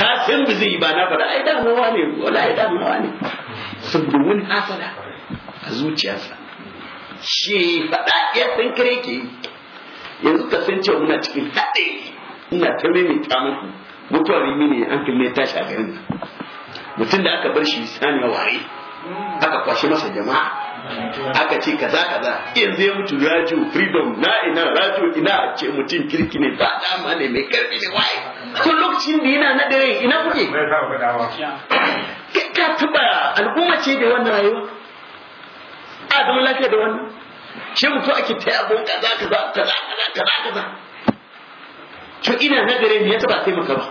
ka san ba zai yi ba na faɗa ai damu wani wala ai damu wani saboda wani hasara a zuciyarsa shi faɗa ya san kare ke yanzu ka san cewa muna cikin haɗe ina ta mai muku mutuwa rimi ne an filme tashi a garin nan mutum da aka bar shi a ware aka kwashe masa jama'a aka ce kaza kaza yanzu ya mutu rajo freedom na ina rajo ina ce mutum kirki ne ba dama ne mai karfi da waye kun lokacin da yana na dare ina kuke ka tuba al'umma ce da wannan rayuwa a lafiya da wannan ce mutu ake ta yabon kaza kaza kaza kaza kaza to ina nagare ya yasa ba taimaka ba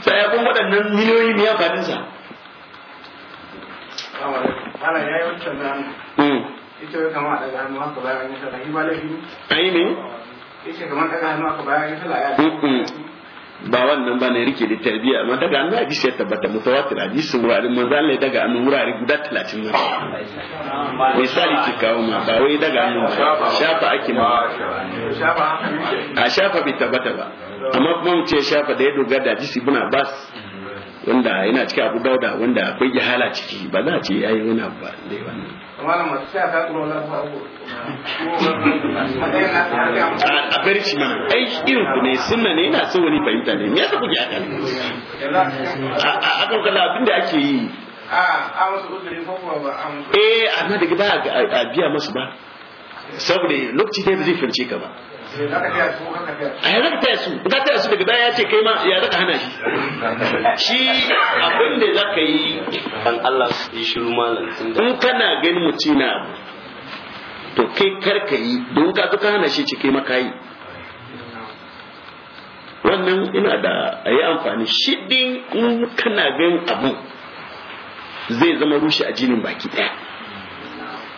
sai kun waɗannan miliyoyi ne ya fadin sa ya yi wancan nan hmm. ita ya kama daga hannu aka bayan ya sallah yi ba laifi ne? Ayi ne? Ita kamar daga hannu haka bayan ya sallah ya hmm, hmm. ba wannan ba ne rike da tarbiyya amma daga annabi hadisi ya tabbata mutawatir hadisi wuraren manzo Allah daga an wurare guda 30 ne misali ki kawo ma ba wai daga an shafa ake ma a shafa bai tabbata ba amma kuma mu ce shafa da ya dogara da hadisi buna bas wanda yana cikin abu dauda wanda akwai jihala ciki ba za a ce yi wani abu ba dai wannan a bari shi mana ai irin ku ne sunna ne yana son wani fahimta ne ya yasa kuke haka ne a kan kala abin da ake yi eh amma daga ba a biya masu ba saboda lokaci dai ba zai fahimce ka ba a yanzu ka taya su ka taya su daga baya ya ce kai ma ya zaka hana shi shi abin da za ka yi an Allah su yi shiru malam in kana ganin mutum na abu to kai karka yi don ka ka hana shi ce maka yi wannan ina da a yi amfani shi din in kana gani abu zai zama rushe a jinin baki daya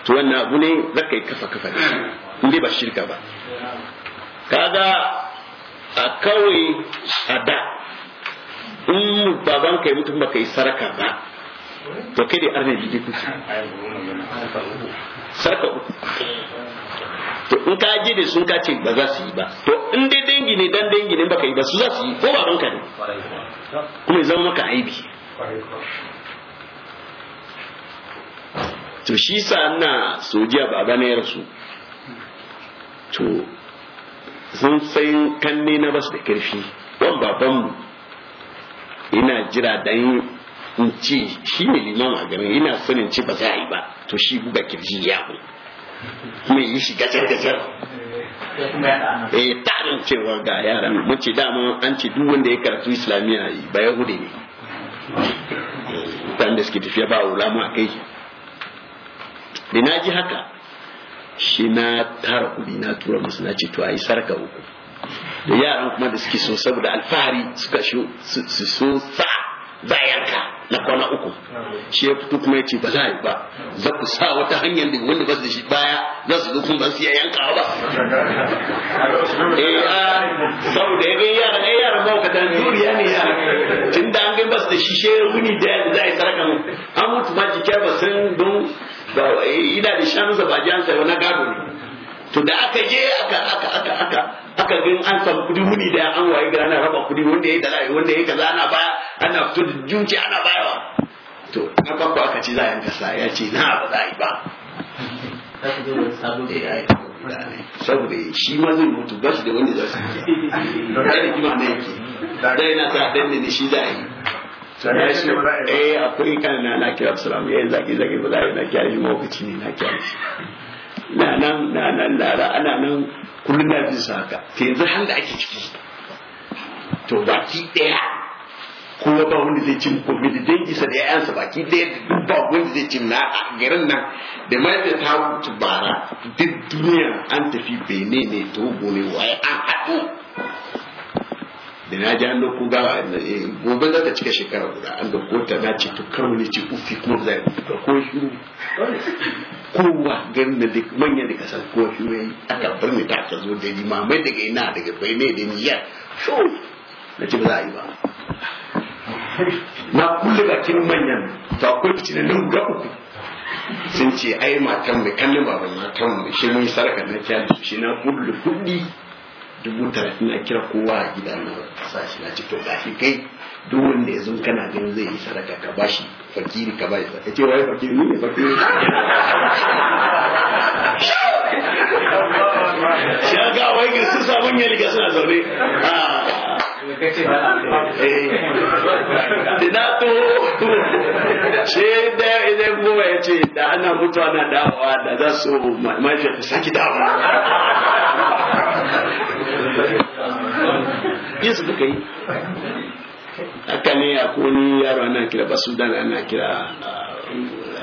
to wannan abu ne za ka yi kafa kafa da shi ba shirka ba kaga a kawai a da in baban kai mutum baka yi saraka ba to kai da arna jiki ku saraka uku to in ka je da sun ka ce ba za su yi ba to in dai dangi ne dan dangi ne baka yi ba su za su yi ko baban ka ne kuma ya zama maka aibi to shi sa na sojiya baba ne rasu to sun san kanne na basu da karfi don babanmu ina jira dan in ci shi ne liman a garin ina sanin ci ba za a yi ba to shi buga kirji ya ku kuma yi shi gajar gajar eh tarin cewa ga yara mu ce dama an ce duk wanda ya karatu islamiyya ba ya hude ne dan eh, da suke tafiya ba ulama kai da na ji haka shi na tara kudi na tura musu na ce to ayi sarka uku da yaran kuma da suke so saboda alfahari suka su so sa za yanka na kwana uku shi ya fito kuma ya ce ba za yi ba za ku sa wata hanyar da wanda ba su da shi baya za su zo kuma ba su iya yanka ba eh a saboda ya gani yaran ai yaran ba ka dan duriya ne ya. tun da an gani ba su da shi shi wuni da za a yi sarakan an mutu ma jikin ba sun don ba yana eh, da shanunsa ba jiyansa wani gado ne to da aka je aka aka aka aka aka gin an samu kudi muni da an waye gara na raba kudi wanda ya dala wanda ya kaza ana baya ana fito da junci ana bayawa to na farko aka ce za a yanka sa ya ce na ba za a yi ba saboda shi ma zai mutu ba shi da wanda za su yi da yana sa danne ne shi za a yi sannan ya ce eh akwai kana na kira salam yayin eh, zaki zaki ba zai na kira shi mawukaci ne na kira na nan na nan lara ana nan kullum na jin sa haka to yanzu har da ake ciki to baki daya kowa ba wanda zai cin komai da danginsa da ƴaƴansa baki daya duk ba wanda zai cin na garin nan da ma da ta mutu bara duk duniya an tafi bene ne togo ne waye an haɗu da na ji an dauko gawa eh, gobe za ta cika shekara guda an da ta na ce to karo ne ce ufi kuma za ga ko shiru kowa ganin da duk manyan da kasar ko shiru yayi aka bar ni ta ta zo da limamai daga ina daga bai ne da niyyar so na ce ba za a yi ba na kulle bakin manyan ta akwai fitinan nan guda uku sun ce ai matan mai kallon baban matan shi mun sarka na kyan shi na kulle kuɗi dubu talatin a kira kowa a gida na sashi na to kai duk wanda yanzu kana ganin zai yi sadaka ka bashi fakiri ka shi ya ce wai fakiri ne fakiri shi ga wai ga su sabon yalika suna zaune ah. Ina to ce da idan goma ya ce da ana mutuwa na dawowa da za su mashi ta saki dawowa. Yin su duka yi. Haka ne a kone yaro ana kira ba Sudan ana kira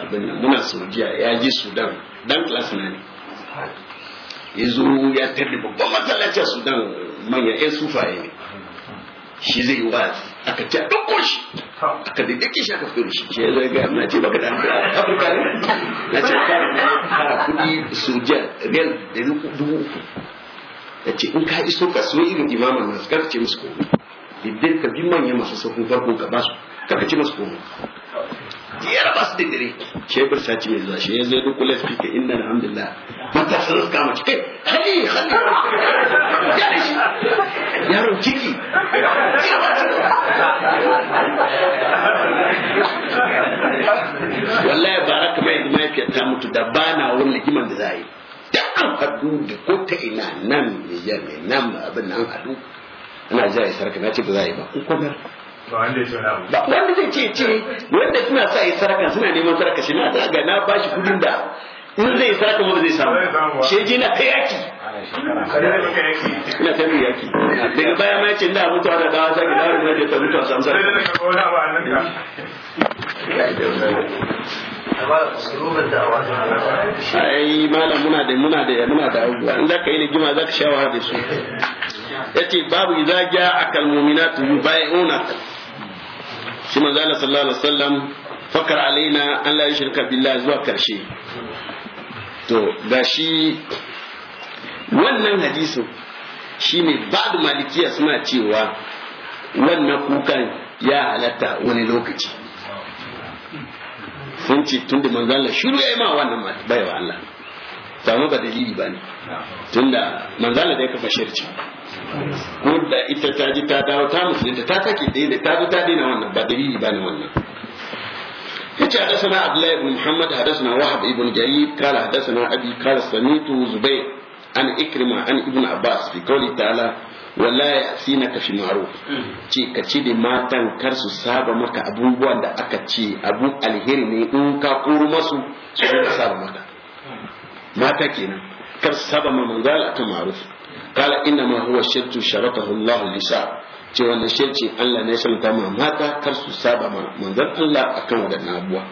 abin nan muna Saudiya ya ji Sudan dan class na ne. Ya zo ya tarbi babban matsalacin Sudan manyan 'yan sufaye ne. shi zai ba a aka ce ɗauko shi a da dake shi aka fito shi shi zai ga na ce baka da afirka ne na ce fara kuɗi sojiya riyal da dubu uku ya ce in ka iso ka so irin imaman nasu kar ce musu komai idan ka bi manya masu sauƙin farko ka ba su kar ka ce musu komai ya raba su dindire shebur sati mai zuwa shi ya zo duk kula su fika inna alhamdulillah mata sun suka mace kai eh, hali hali ya da shi yaron ciki. wallahi baraka mai da mafiya ta mutu da ba na wurin ligiman da za a yi da an haɗu da ko ta ina nan mai yamma nan abin nan haɗu ana jira ya sarka na ce ba za a yi ba in kuma wanda zai ce ce wanda suna sa yi saraka suna neman saraka shi na ga na bashi kudin da in zai saraka ba zai samu shi je na ta yaki ina ta yaki daga baya ma yace da mutuwa da dawa sa gida ruwa da ta mutuwa sam sarka ai malam muna da muna da muna da abubuwa in zaka yi ligima zaka shawara da su yace babu idza ja'a kal mu'minatu yubay'una shi manzo Allah sallallahu alaihi wasallam fakar alaina an la yushrika billah zuwa karshe to da shi wannan hadisin shine ba'du malikiya suna cewa wannan kukan ya halatta wani lokaci sun ce tun da manzo Allah shiru yayi ma wannan baiwa Allah samu ba dalili ba ne tunda manzo Allah da ya kafa shirci ko ita ta ji ta dawo ta musulunta ta sake daina ta zo ta daina wannan ba dalili ba ne wannan yace hadathana abdullahi ibn muhammad hadathana wahab ibn jarir qala hadathana abi qala samitu zubayr an ikrima an ibn abbas fi qawli ta'ala wala yasinaka fi ma'ruf ce ka ce da matan kar su saba maka abubuwan da aka ce abu alheri ne in ka kuru masu su saba maka mata kenan kar su saba ma manzal akan ma'ruf kala inna ma huwa shirtu sharakahu Allah lisa ce wannan shirci Allah ne santa ma mata kar su saba manzon Allah akan wadannan abuwa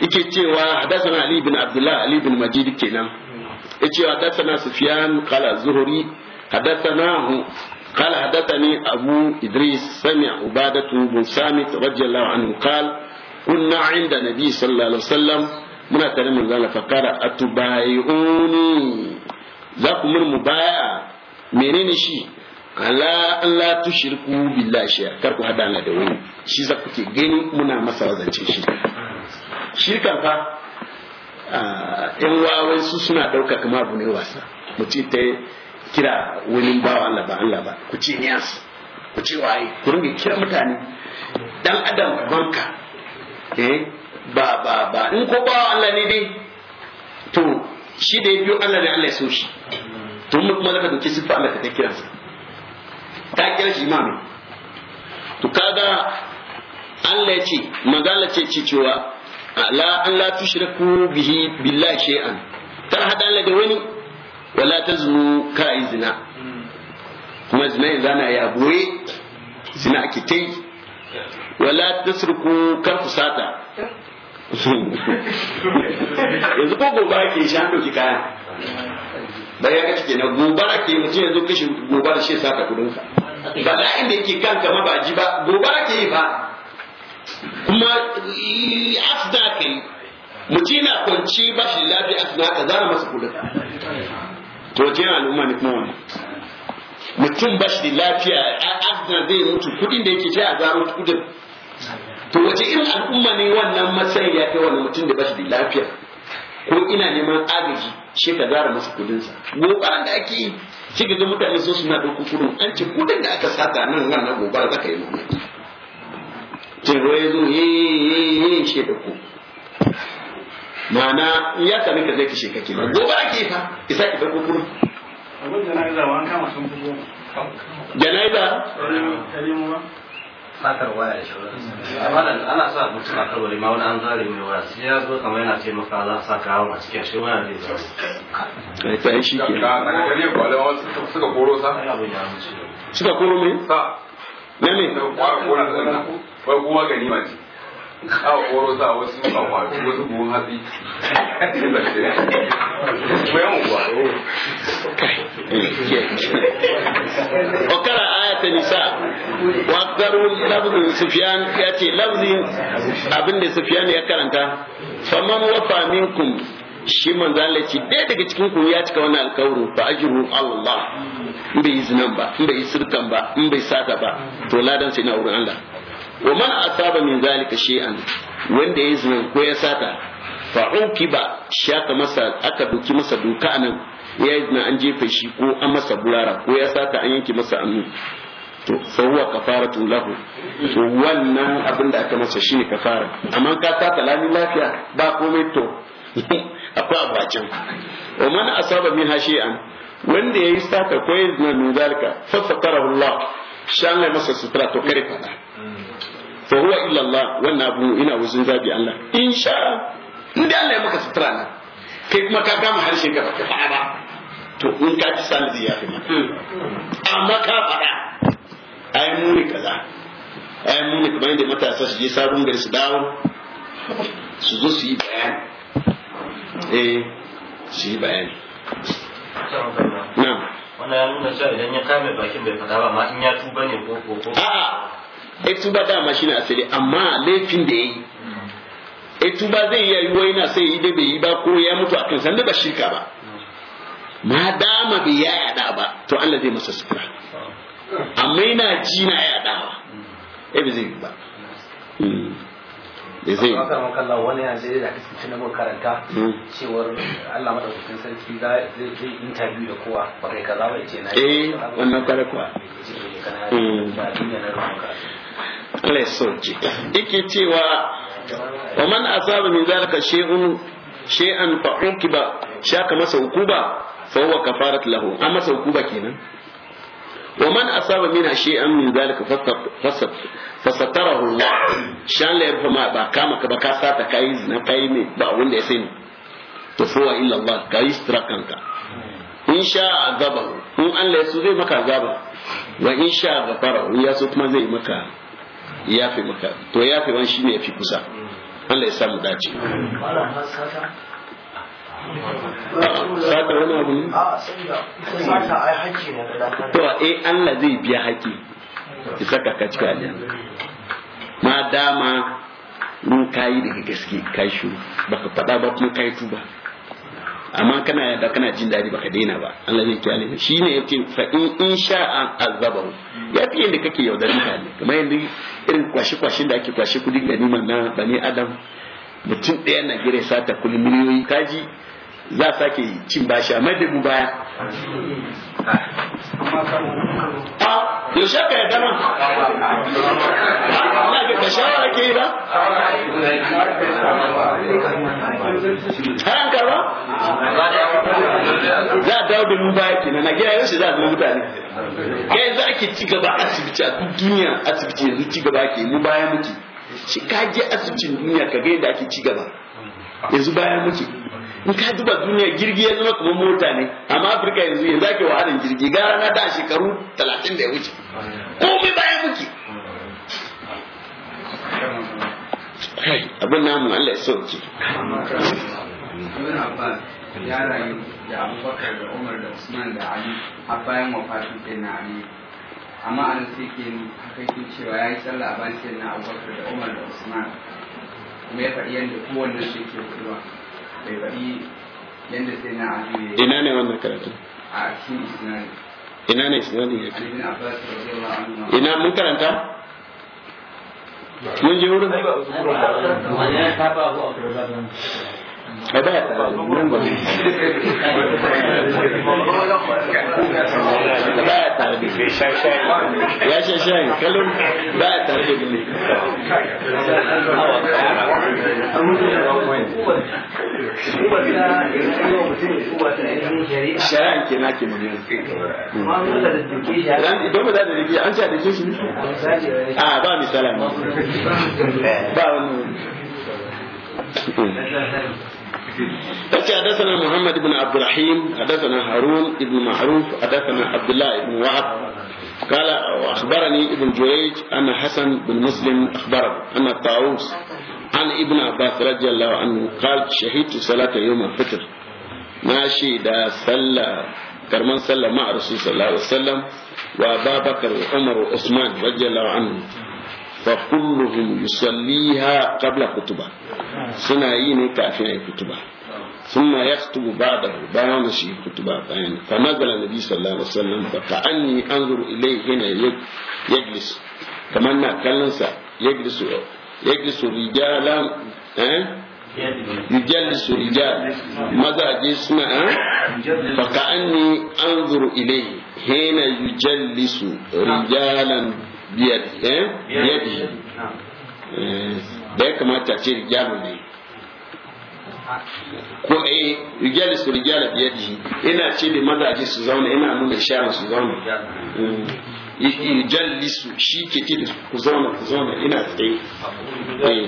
yake cewa hadathana Ali bin Abdullah Ali bin Majid kenan yace hadathana Sufyan qala Zuhri hadathana قال حدثني أبو إدريس سمع عبادة بن سامت رضي الله عنه قال كنا عند النبي صلى الله عليه وسلم من أتى من فقال أتبايعوني za ku mun mubaya menene shi kala Allah tushirku billahi shi? kar ku hada Allah da wani shi za ke gani muna masa wazance shi shirkan fa yan wawai su suna dauka kamar abu ne wasa mu ce ta kira wani bawa Allah ba Allah ba ku ce niyas ku ce waye ku ringe kira mutane dan adam banka eh ba ba ba in ko bawa Allah ne dai to shi da ya biyo Allah da Allah ya so shi to mu kuma zaka doki siffa Allah ka ta kira sa ta kira shi imami to kaga Allah ya ce magana ce ce cewa ala an la tushriku bihi billahi shay'an kar hada Allah da wani wala tazmu ka izna kuma zina yanzu ana ya boye zina ake tai wala tasriku kar ku sata yanzu ko gobara ke shi an ɗauki kaya bai ya kace kenan gobara ke mutum yanzu kashe gobara shi kudin sa ba da yake kan kama ba ji ba gobara ke yi ba kuma eh, afda ka mutum na kwanci ba shi lafiya asda ka zara masa kudin to yana al'umma ne kuma wani mutum ba shi lafiya afda zai mutu kudin da yake sai a zaro kudin to wace irin al'umma ne wannan matsayin ya kai wani mutum da ba shi da lafiya ko ina neman agaji shi ka gara masa kudinsa gobaran da ake yi shi ga mutane sun suna ɗauko kudin an ce kudin da aka sata nan wannan gobara za ka yi mamaki tiro ya zo ye ye ye shi da ku ma'ana in ya sami ka zai kashe ka kenan gobara ke fa isa ki ɗauko kudin jana'iza fatar waya da ana sa mutum a kabari ma wani an zare mai sai ya zo yana taimaka za a sa kawo a cikin shi wani zai eh, ta shi ke suka koro sa suka koro sa ne ne da kwara kora da ko kuma gani ma ce a وقرأ آية النساء ya لفظ سفيان يأتي لفظ أبن سفيان يكرنتا فمن وفى منكم shi manzo Allah ce ɗaya daga cikin ku ya cika wannan alƙawarin fa ajru Allah in bai yi zinan ba in bai yi sirkan ba in bai sata ba to ladan sai na wurin Allah wa man asaba min zalika shay'an wanda ya zinan ko ya sata fa ukiba shaka masa aka duki masa duka anan ya yi na an jefa shi ko an masa burara ko ya sata an yanke masa annu to fawwa kafaratun lahu to wannan abin da aka masa shine kafara amma ka sata lami lafiya ba komai to akwai abu a can wa man asaba min hashi'an wanda yayi sata ko yayi na nuzalka fa fatarahu Allah shan masa sutura to kare fada fa huwa illa Allah wannan abu ina wuzin zabi Allah insha in dai Allah ya maka sutura na kai kuma ka kama harshe ka baka faɗa ba to in ka ci salzi ya fi maka hmm. amma ka faɗa ai mu ne kaza ai mu ne kamar yadda matasa su je sabon gari su dawo su zo su yi bayani eh su yi bayani na wannan ya nuna cewa idan ya kame bakin bai faɗa ba ma in ya tuba ne ko ko ko a'a ai tuba dama shine asali amma laifin da yi e eh, ba zai iya yiwuwa yana sai yi da bai yi ba ko ya mutu a kan sanda ba shirka ba ma dama bai ya yada ba to Allah zai masa sutura amma yana ji na yadawa e eh, ba zai yi ba da hmm. zai ba kuma kallon wani yanzu da aka ci na karanta hmm. cewar Allah madaukakin sarki zai interview da kowa ba kai kaza ba ce na eh wannan kare kuwa hmm. Allah ya sauke ike cewa wa man asaba min zalika shay'un shay'an fa ukiba shaka masa hukuba fa huwa kafarat lahu an masa hukuba kenan wa man asaba min shay'an min zalika fasad fasatarahu Allah shan ma ba kama ka ba ka zina ba wanda ya to fa wa illa Allah kai istirakanka in sha azaba in Allah ya zai maka azaba wa in sha ghafara ya so kuma zai maka yafe maka to yafe wani shi shine yafi kusa Allah ya samu dace sata wani abu ne? sata ai haƙƙi ne da to eh Allah zai biya haƙƙi ki saka ka cika aljanna ma dama in kayi daga gaske kai shiru baka faɗa ba kuma kai tuba amma kana da kana jin dadi baka daina ba Allah zai kiyale shi ne yake fa in insha azabahu ya fi yadda kake yaudar mutane kamar yanda irin kwashi kwashin da ake kwashi kudin ganima na bani adam mutum daya na gire sata kullum miliyoyi kaji za a sake cin bashi amma da mu baya a ah, yaushe ka yadda nan na ga shawara ake yi karba za a dawo da baya kenan na gina yansu za a zama mutane kai yanzu ake ci gaba asibiti a duniya asibiti yanzu ci gaba ke mu baya muke shi ka je asibitin duniya ka ga yadda ake ci gaba yanzu baya muke in ka duba duniya jirgi ya zama kuma mota ne amma afirka yanzu yanzu ake wahalar jirgi gara na da shekaru talatin da ya wuce komai baya muke kai abin namu Allah ya sauke ya rayu da abubakar da umar da usman da ali a bayan wafatun sai na ali amma an sai ke hakakin cewa ya yi sallah a bayan sai na abubakar da umar da usman kuma ya faɗi yadda kowanne su ke kuwa bai faɗi yadda sai na ali ne ina ne wannan karatu a cikin isnani ina ne isnani ya ina mun karanta Yung juhur na ba? Manya tapa ako. ba ba na a تأتي حدثنا محمد بن عبد الرحيم حدثنا هارون بن معروف حدثنا عبد الله بن وعب قال وأخبرني ابن جريج أن حسن بن مسلم أخبره أن الطاووس عن ابن عباس رضي الله عنه قال شهدت صلاة يوم الفطر ماشي دا صلى كرمان صلى مع الرسول صلى الله عليه وسلم وأبا بكر وعمر وعثمان رضي الله عنه fa kulluhum yusalliha qabla kutuba suna yi ne kafin ayi kutuba ثم يخطب بعده بيان شيء خطبة بيان فنزل النبي صلى الله عليه وسلم فكأني أنظر إليه هنا يجلس كمان كلنسا يجلس يجلس رجالا يجلس رجال ماذا جسنا فكأني أنظر إليه هنا يجلس رجالا biyadi eh? eh, da ya kamata ce rijalu ne ko eh rijali su rijala biyadi ina ce da mazaje su zauna ina nuna shara su zauna eh, su shi ke ce da ku zauna ku zauna ina tsaye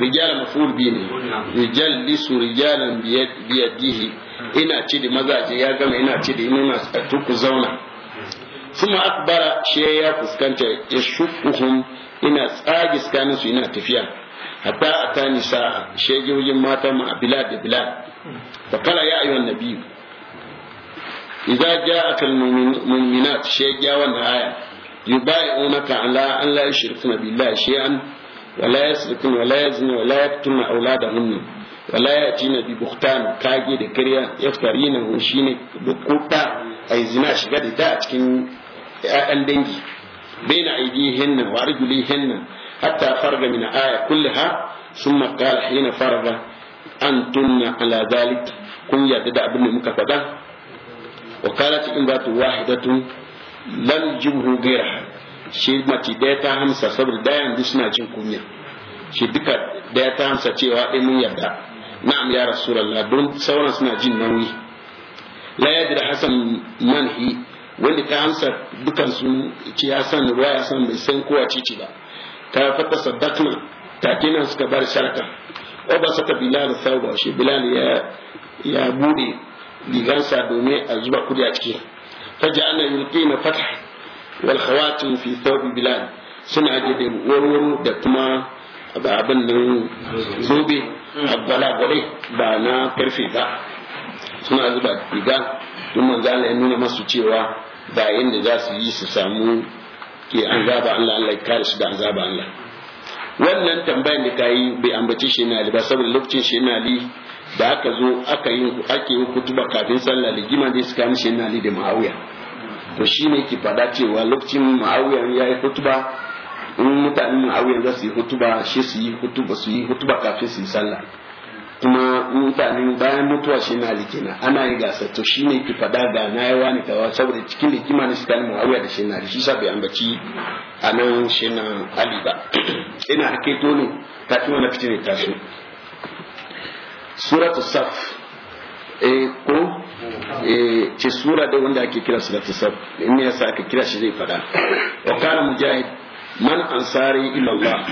rijala maful bi ne yujallisu rijalan biyadihi ina ce da mazaje ya gama ina ce da ina na ku zauna sun akbara shi ya fuskanta ya shukuhum ina tsagi tsakanin su ina tafiya hatta a ta nisa shegiyogin mata ma a bilad da bilad fa kala ya ayyuhan nabiyu idza ja'aka al-mu'minat shegiya wannan aya yubai'unaka ala an la yushrikuna billahi shay'an wa la yasrikuna wa la yazina wa la yaqtuluna awladahunna wa la yatina bi buhtan kage da kariya yaftarina shine da kuta ai zina shiga da ta a cikin ‘ya’yan dangi bai na aiki hinnan wa arguli hatta farga mina aya kulli ha sun makala hina farga an tunna ala zalik kun yadda da abin da muka faɗa wa kala cikin ba ta wahidatun lal jibhu gira shi mace daya ta hamsa saboda dayan duk suna cin kunya shi duka daya ta hamsa cewa ɗin eh mun yadda na'am ya rasulallah don sauran suna jin nauyi la yadda hasan manhi wanda ta amsa dukansu ce ya san ruwa ya san bai san kowa cici ba ta fata sadakna ta kina suka bar sharka o ba saka bilal sauba shi bilal ya ya bude digansa domin a zuba kudi a ciki fa ja'ala yulqina fatah wal khawatim fi thawb bilal suna da warwaro da kuma abin nan zobe a gwalagwalai ba na karfe ba suna zuba riga don man Allah ya nuna masu cewa da yadda za su yi su samu ke an zaba Allah Allah ya kare su da an Allah wannan tambayar da ka yi bai ambaci shi na ba saboda lokacin shi na li da aka zo aka yi ake yi kutuba kafin sallah ligima da suka mishi na li da ma'awiya to shi ne ke fada cewa lokacin ma'awiya ya yi kutuba in mutanen ma'awiya za su yi kutuba shi su yi kutuba su kafin su yi sallah kuma mutanen bayan mutuwa shi na alikina ana yi gasa to shi ne ki fada ga na yawa ne kawa saboda cikin da kima ne suka nemo awuya da shi na shi sa bai ambaci a nan shi na ali ba ina hake tonu kafin na fitin ta so suratu saf eh ko eh ce sura da wanda ake kira suratu saf in ne yasa aka kira shi zai fada wa kana mujahid man ansari ila Allah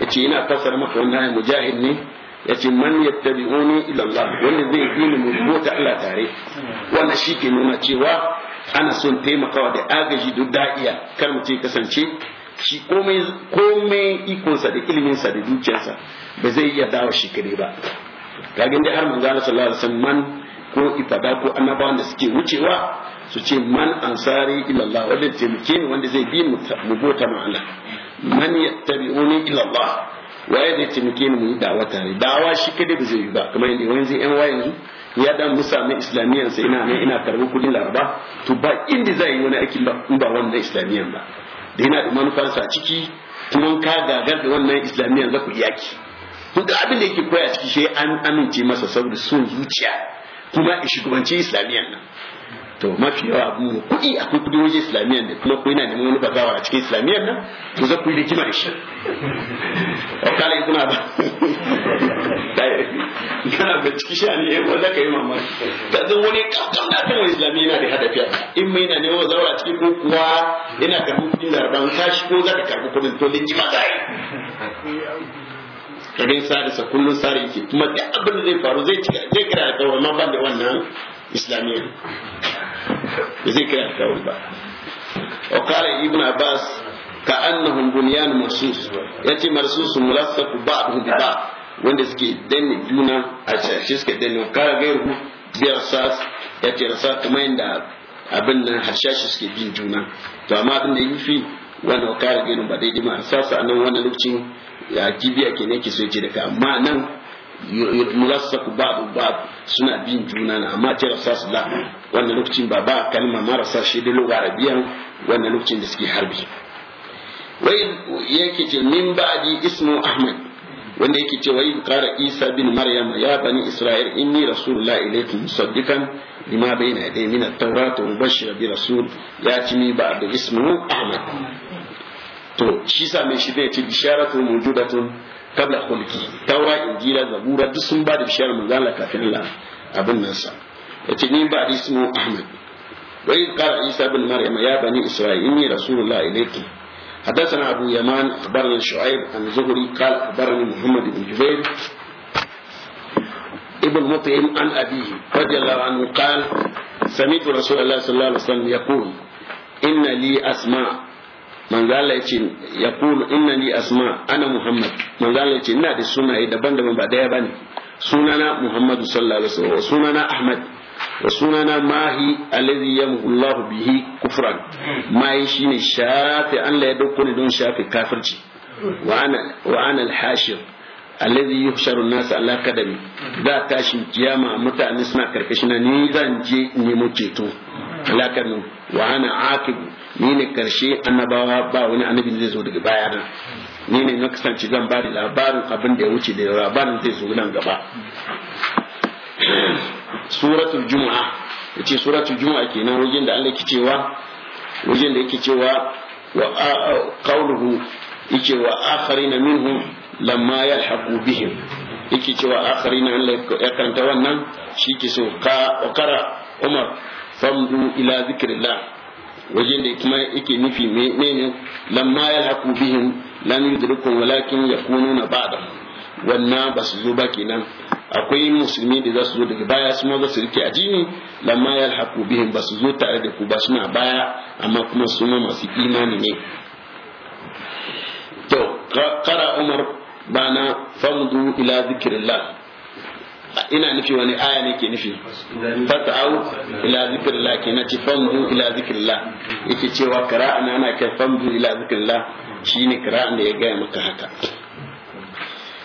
yace ina fasara maka wannan mujahid ne yace man ya tabi ila ilallah wanda zai yi ni mu Allah tare wanda shi ke nuna cewa ana son taimakawa da agaji duk da'iya kar mu ce kasance shi komai ikonsa da iliminsa da dukiyarsa ba zai iya dawo shi kare ba kagin da har mun Allah sallallahu alaihi wasallam man ko ifada ko annaba wanda suke wucewa su ce man ansari ila wanda taimake ni wanda zai bi mu bota ma man yattabi'uni ila waye zai taimake ni mu yi dawa tare dawa shi kada ba zai yi ba kamar yadda yanzu yan waye yanzu ya dan musa mai islamiyan sai ina nan ina karbi kudin laraba to ba inda zai yi wani aikin ba in ba wannan islamiyan ba da yana da manufar sa ciki kuma ka gagar da wannan islamiyan za ku yaki to da abin da yake koya ciki shi an amince masa saboda son zuciya kuma shugabanci islamiyan nan to mafi yawa abu kuɗi akwai kuɗi waje islamiyyar da kuma ko yana neman wani fasawa a cikin islamiyyar nan to zai ku yi rigima da shi a kala yi kuna ba kana ba ciki sha ne yau eh, za ka yi mamaki ta zan wani kakam da kan wani islamiyya yana da hadafiya in mai na neman fasawa a cikin ko kuwa yana karɓi kuɗin larabawan kashi ko za ka karɓi kuɗin to rigima za yi kadin sare sa kullun sare yake kuma duk abin da zai faru zai kira zai kira da ban da wannan islamiyya ba zai kai alkawari ba wa qala ibn abbas ka annahum bunyan marsus yace marsus mulassaq ba'dhum bi ba'd wanda suke danne juna a cikin suke danne kara gairu biyar sas yace rasa kuma inda abin nan harshashi suke bin juna to amma din da yufi wanda kara gairu ba dai ma sasa nan wannan lokacin ya kibiya ke ne ke so yace da ka amma nan mulassaku ba'du ba'd suna bin juna na amma ta rasa su la wannan lokacin ba ba kalma marasa shi da lugha arabiyan wannan lokacin da suke harbi wai yake ce min ba'di ismu ahmad wanda yake ce wai qara isa bin maryam ya bani isra'il inni rasulullahi ilaykum musaddiqan lima bayna yaday min at-taurat wa mubashshir bi rasul ci min ba'di ismu ahmad to shi sa mai shi da ce bisharatu mawjudatun kabla khulqi taura injila zabura duk sun ba da bishiyar manzo Allah kafin Allah abin nan sa yace ni ba ismu ahmad wai in qala isa bin maryam ya bani isra'il inni rasulullah ilayki حدثنا أبو يمان أخبرنا شعيب عن زهري قال أخبرني محمد بن جبير ابن مطعم عن أبيه رضي الله عنه قال سمعت رسول الله صلى الله عليه وسلم يقول إن لي أسماء manzala ya ce ya kulu inna ni asma ana muhammad manzala ya ce ina da sunaye daban-daban ba daya bane sunana muhammadu sallallahu alaihi wasallam sunana ahmad wa sunana mahi alladhi yamhullahu bihi kufran mahi shine shafi Allah ya dauko ni don shafi kafirci wa ana wa ana al-hashir alladhi yuhsharu an-nas ala qadami da tashin kiyama mutane suna karkashin ni zan je nemo ceto alakan wa ana aqibu ni ne karshe annabawa ba wani annabi zai zo daga baya nan ni ne na kasance zan ba da labarin abin da ya wuce da labarin zai zo nan gaba suratul juma'a yace suratul juma'a kenan wajen da Allah yake cewa wajen da yake cewa wa qawluhu yake wa akharina minhum lamma yalhaqu bihim yake cewa akharina Allah ya karanta wannan shi ke so ka kara Umar famdu ila zikrillah wajen da kuma yake nufi menene lamma yalhaqu bihim lam yudrikum walakin yakununa ba'da wannan ba su zo ba kenan akwai musulmi da za su zo daga baya su ma za su rike addini lamma yalhaqu bihim ba su zo tare da ku ba suna baya amma kuma su ma masu imani ne to qara umar bana famdu ila zikrillah ina nufi wani aya ne ke nufi fasa'au ila zikrillah ke na ce famdu ila zikrillah yake cewa kira'a na ana kai famdu ila shi ne kira'an da ya gaya maka haka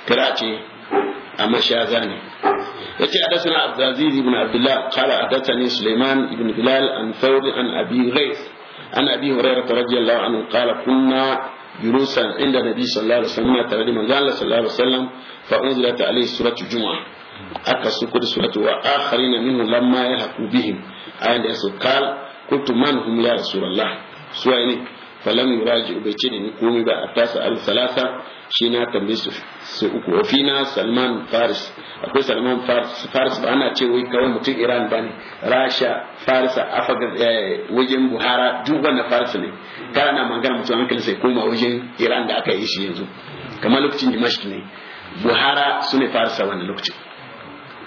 kira ce a mashaza ne yace hadathana abdulaziz ibn abdullah qala hadathani sulaiman ibn bilal an thawr an abi ghais an abi hurairah radiyallahu anhu qala kunna جلوسا عند Nabi, صلى الله عليه وسلم تردي من الله صلى الله عليه وسلم فأنزلت عليه سورة الجمعة aka suko da suratu wa akharina minhu lamma yahqu bihim ayan da su kal kuntu man hum ya rasulullah suwa ne falam yuraji bai ce ni komai ba a tasa al salasa shi na tambaye su su uku fina salman faris akwai salman faris faris ba ana ce wai kawai mutum iran bane rasha farisa afagan eh, wajen buhara duk wannan faris ne kana na magana mutum an sai koma wajen iran da aka yi shi yanzu kamar lokacin dimashq ne buhara su ne farisa wannan lokacin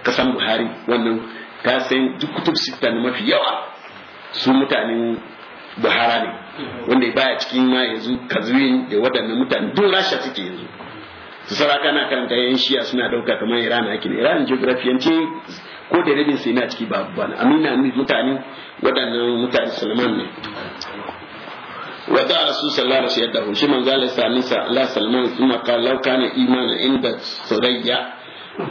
kasan buhari wannan ta san duk kutub sita na mafi yawa su mutanen buhara ne wanda baya cikin ma yanzu kazuwin da waɗannan mutane don rasha suke yanzu su saraka na karanta yan shiya suna ɗauka kamar iran ake ne iran geografiyance ko da rabin sai na ciki ba babu bana amina mutane waɗannan mutane salman ne wadda رسول sallallahu alaihi wasallam shi شمن قال سامسا لا سلمان ثم قال لو كان إيمان عند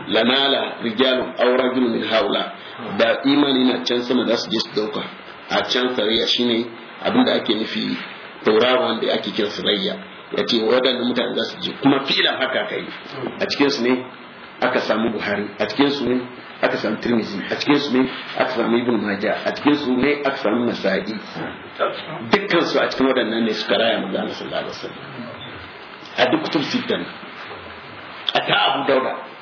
lanala rijalun aw rajulun min haula da imani na can sama za su je su dauka a can sariya shine abinda ake nufi tauraron da ake kira sarayya ya ce waɗannan mutane za su je kuma fila haka kai a cikin su ne aka samu buhari a cikin su ne aka samu tirmizi a cikin su ne aka samu ibn majah a cikin su ne aka samu nasa'i dukkan su a cikin waɗannan ne suka raya magana Allah sallallahu alaihi wasallam a duk kutub sittan a ta abu dauda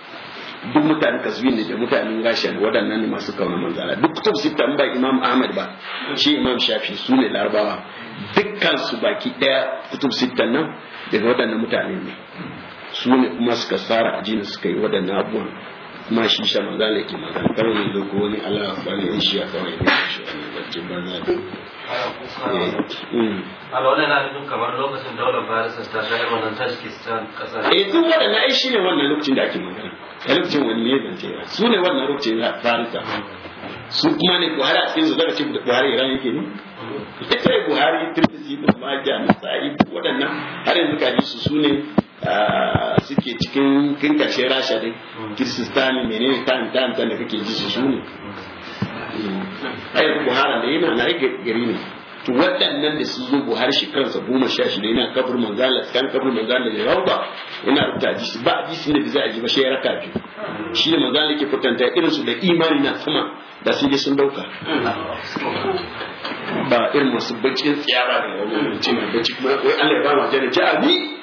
duk mutane kasbin ne da mutanen rasha waɗannan ne masu kauna manzala duk kutub sita ba imam ahmad ba shi imam shafi su ne larabawa dukkan su baki ɗaya kutub sita nan daga waɗannan mutane ne su ne kuma suka tsara ajini suka yi waɗannan abubuwan kuma shi sha magana ke magana kar mu wani Allah ba ne shi ya kawai ne shi wani a wannan eh, mm. na nufin kamar ta shayar eh duk wannan ai shine wannan lokacin da ake magana a lokacin wani ne zance su ne wannan lokacin yi su kuma ne Buhari a cikin su cikin Buhari Iran yake ne mm. ita Buhari Tirmidhi Ibn Majah Nasa'i waɗannan har yanzu ji su su ne Ah, suke cikin kin rasha dai hmm. kiristani ne ta ta ta da kake ji su ne hmm. ai buhara da yana na gari ne to waɗannan da sun zo buhari shi kansa goma sha da yana kabur manzala kan kabur manzala da yawa yana rubuta ji ba ji su da za a ji ba shi ya raka ji hmm. shi da manzala ke kwatanta irin su da imani na sama da su je sun dauka ba irin masu bakin tsiyara da wani mutum da bakin kuma akwai Allah ya ba ma jana a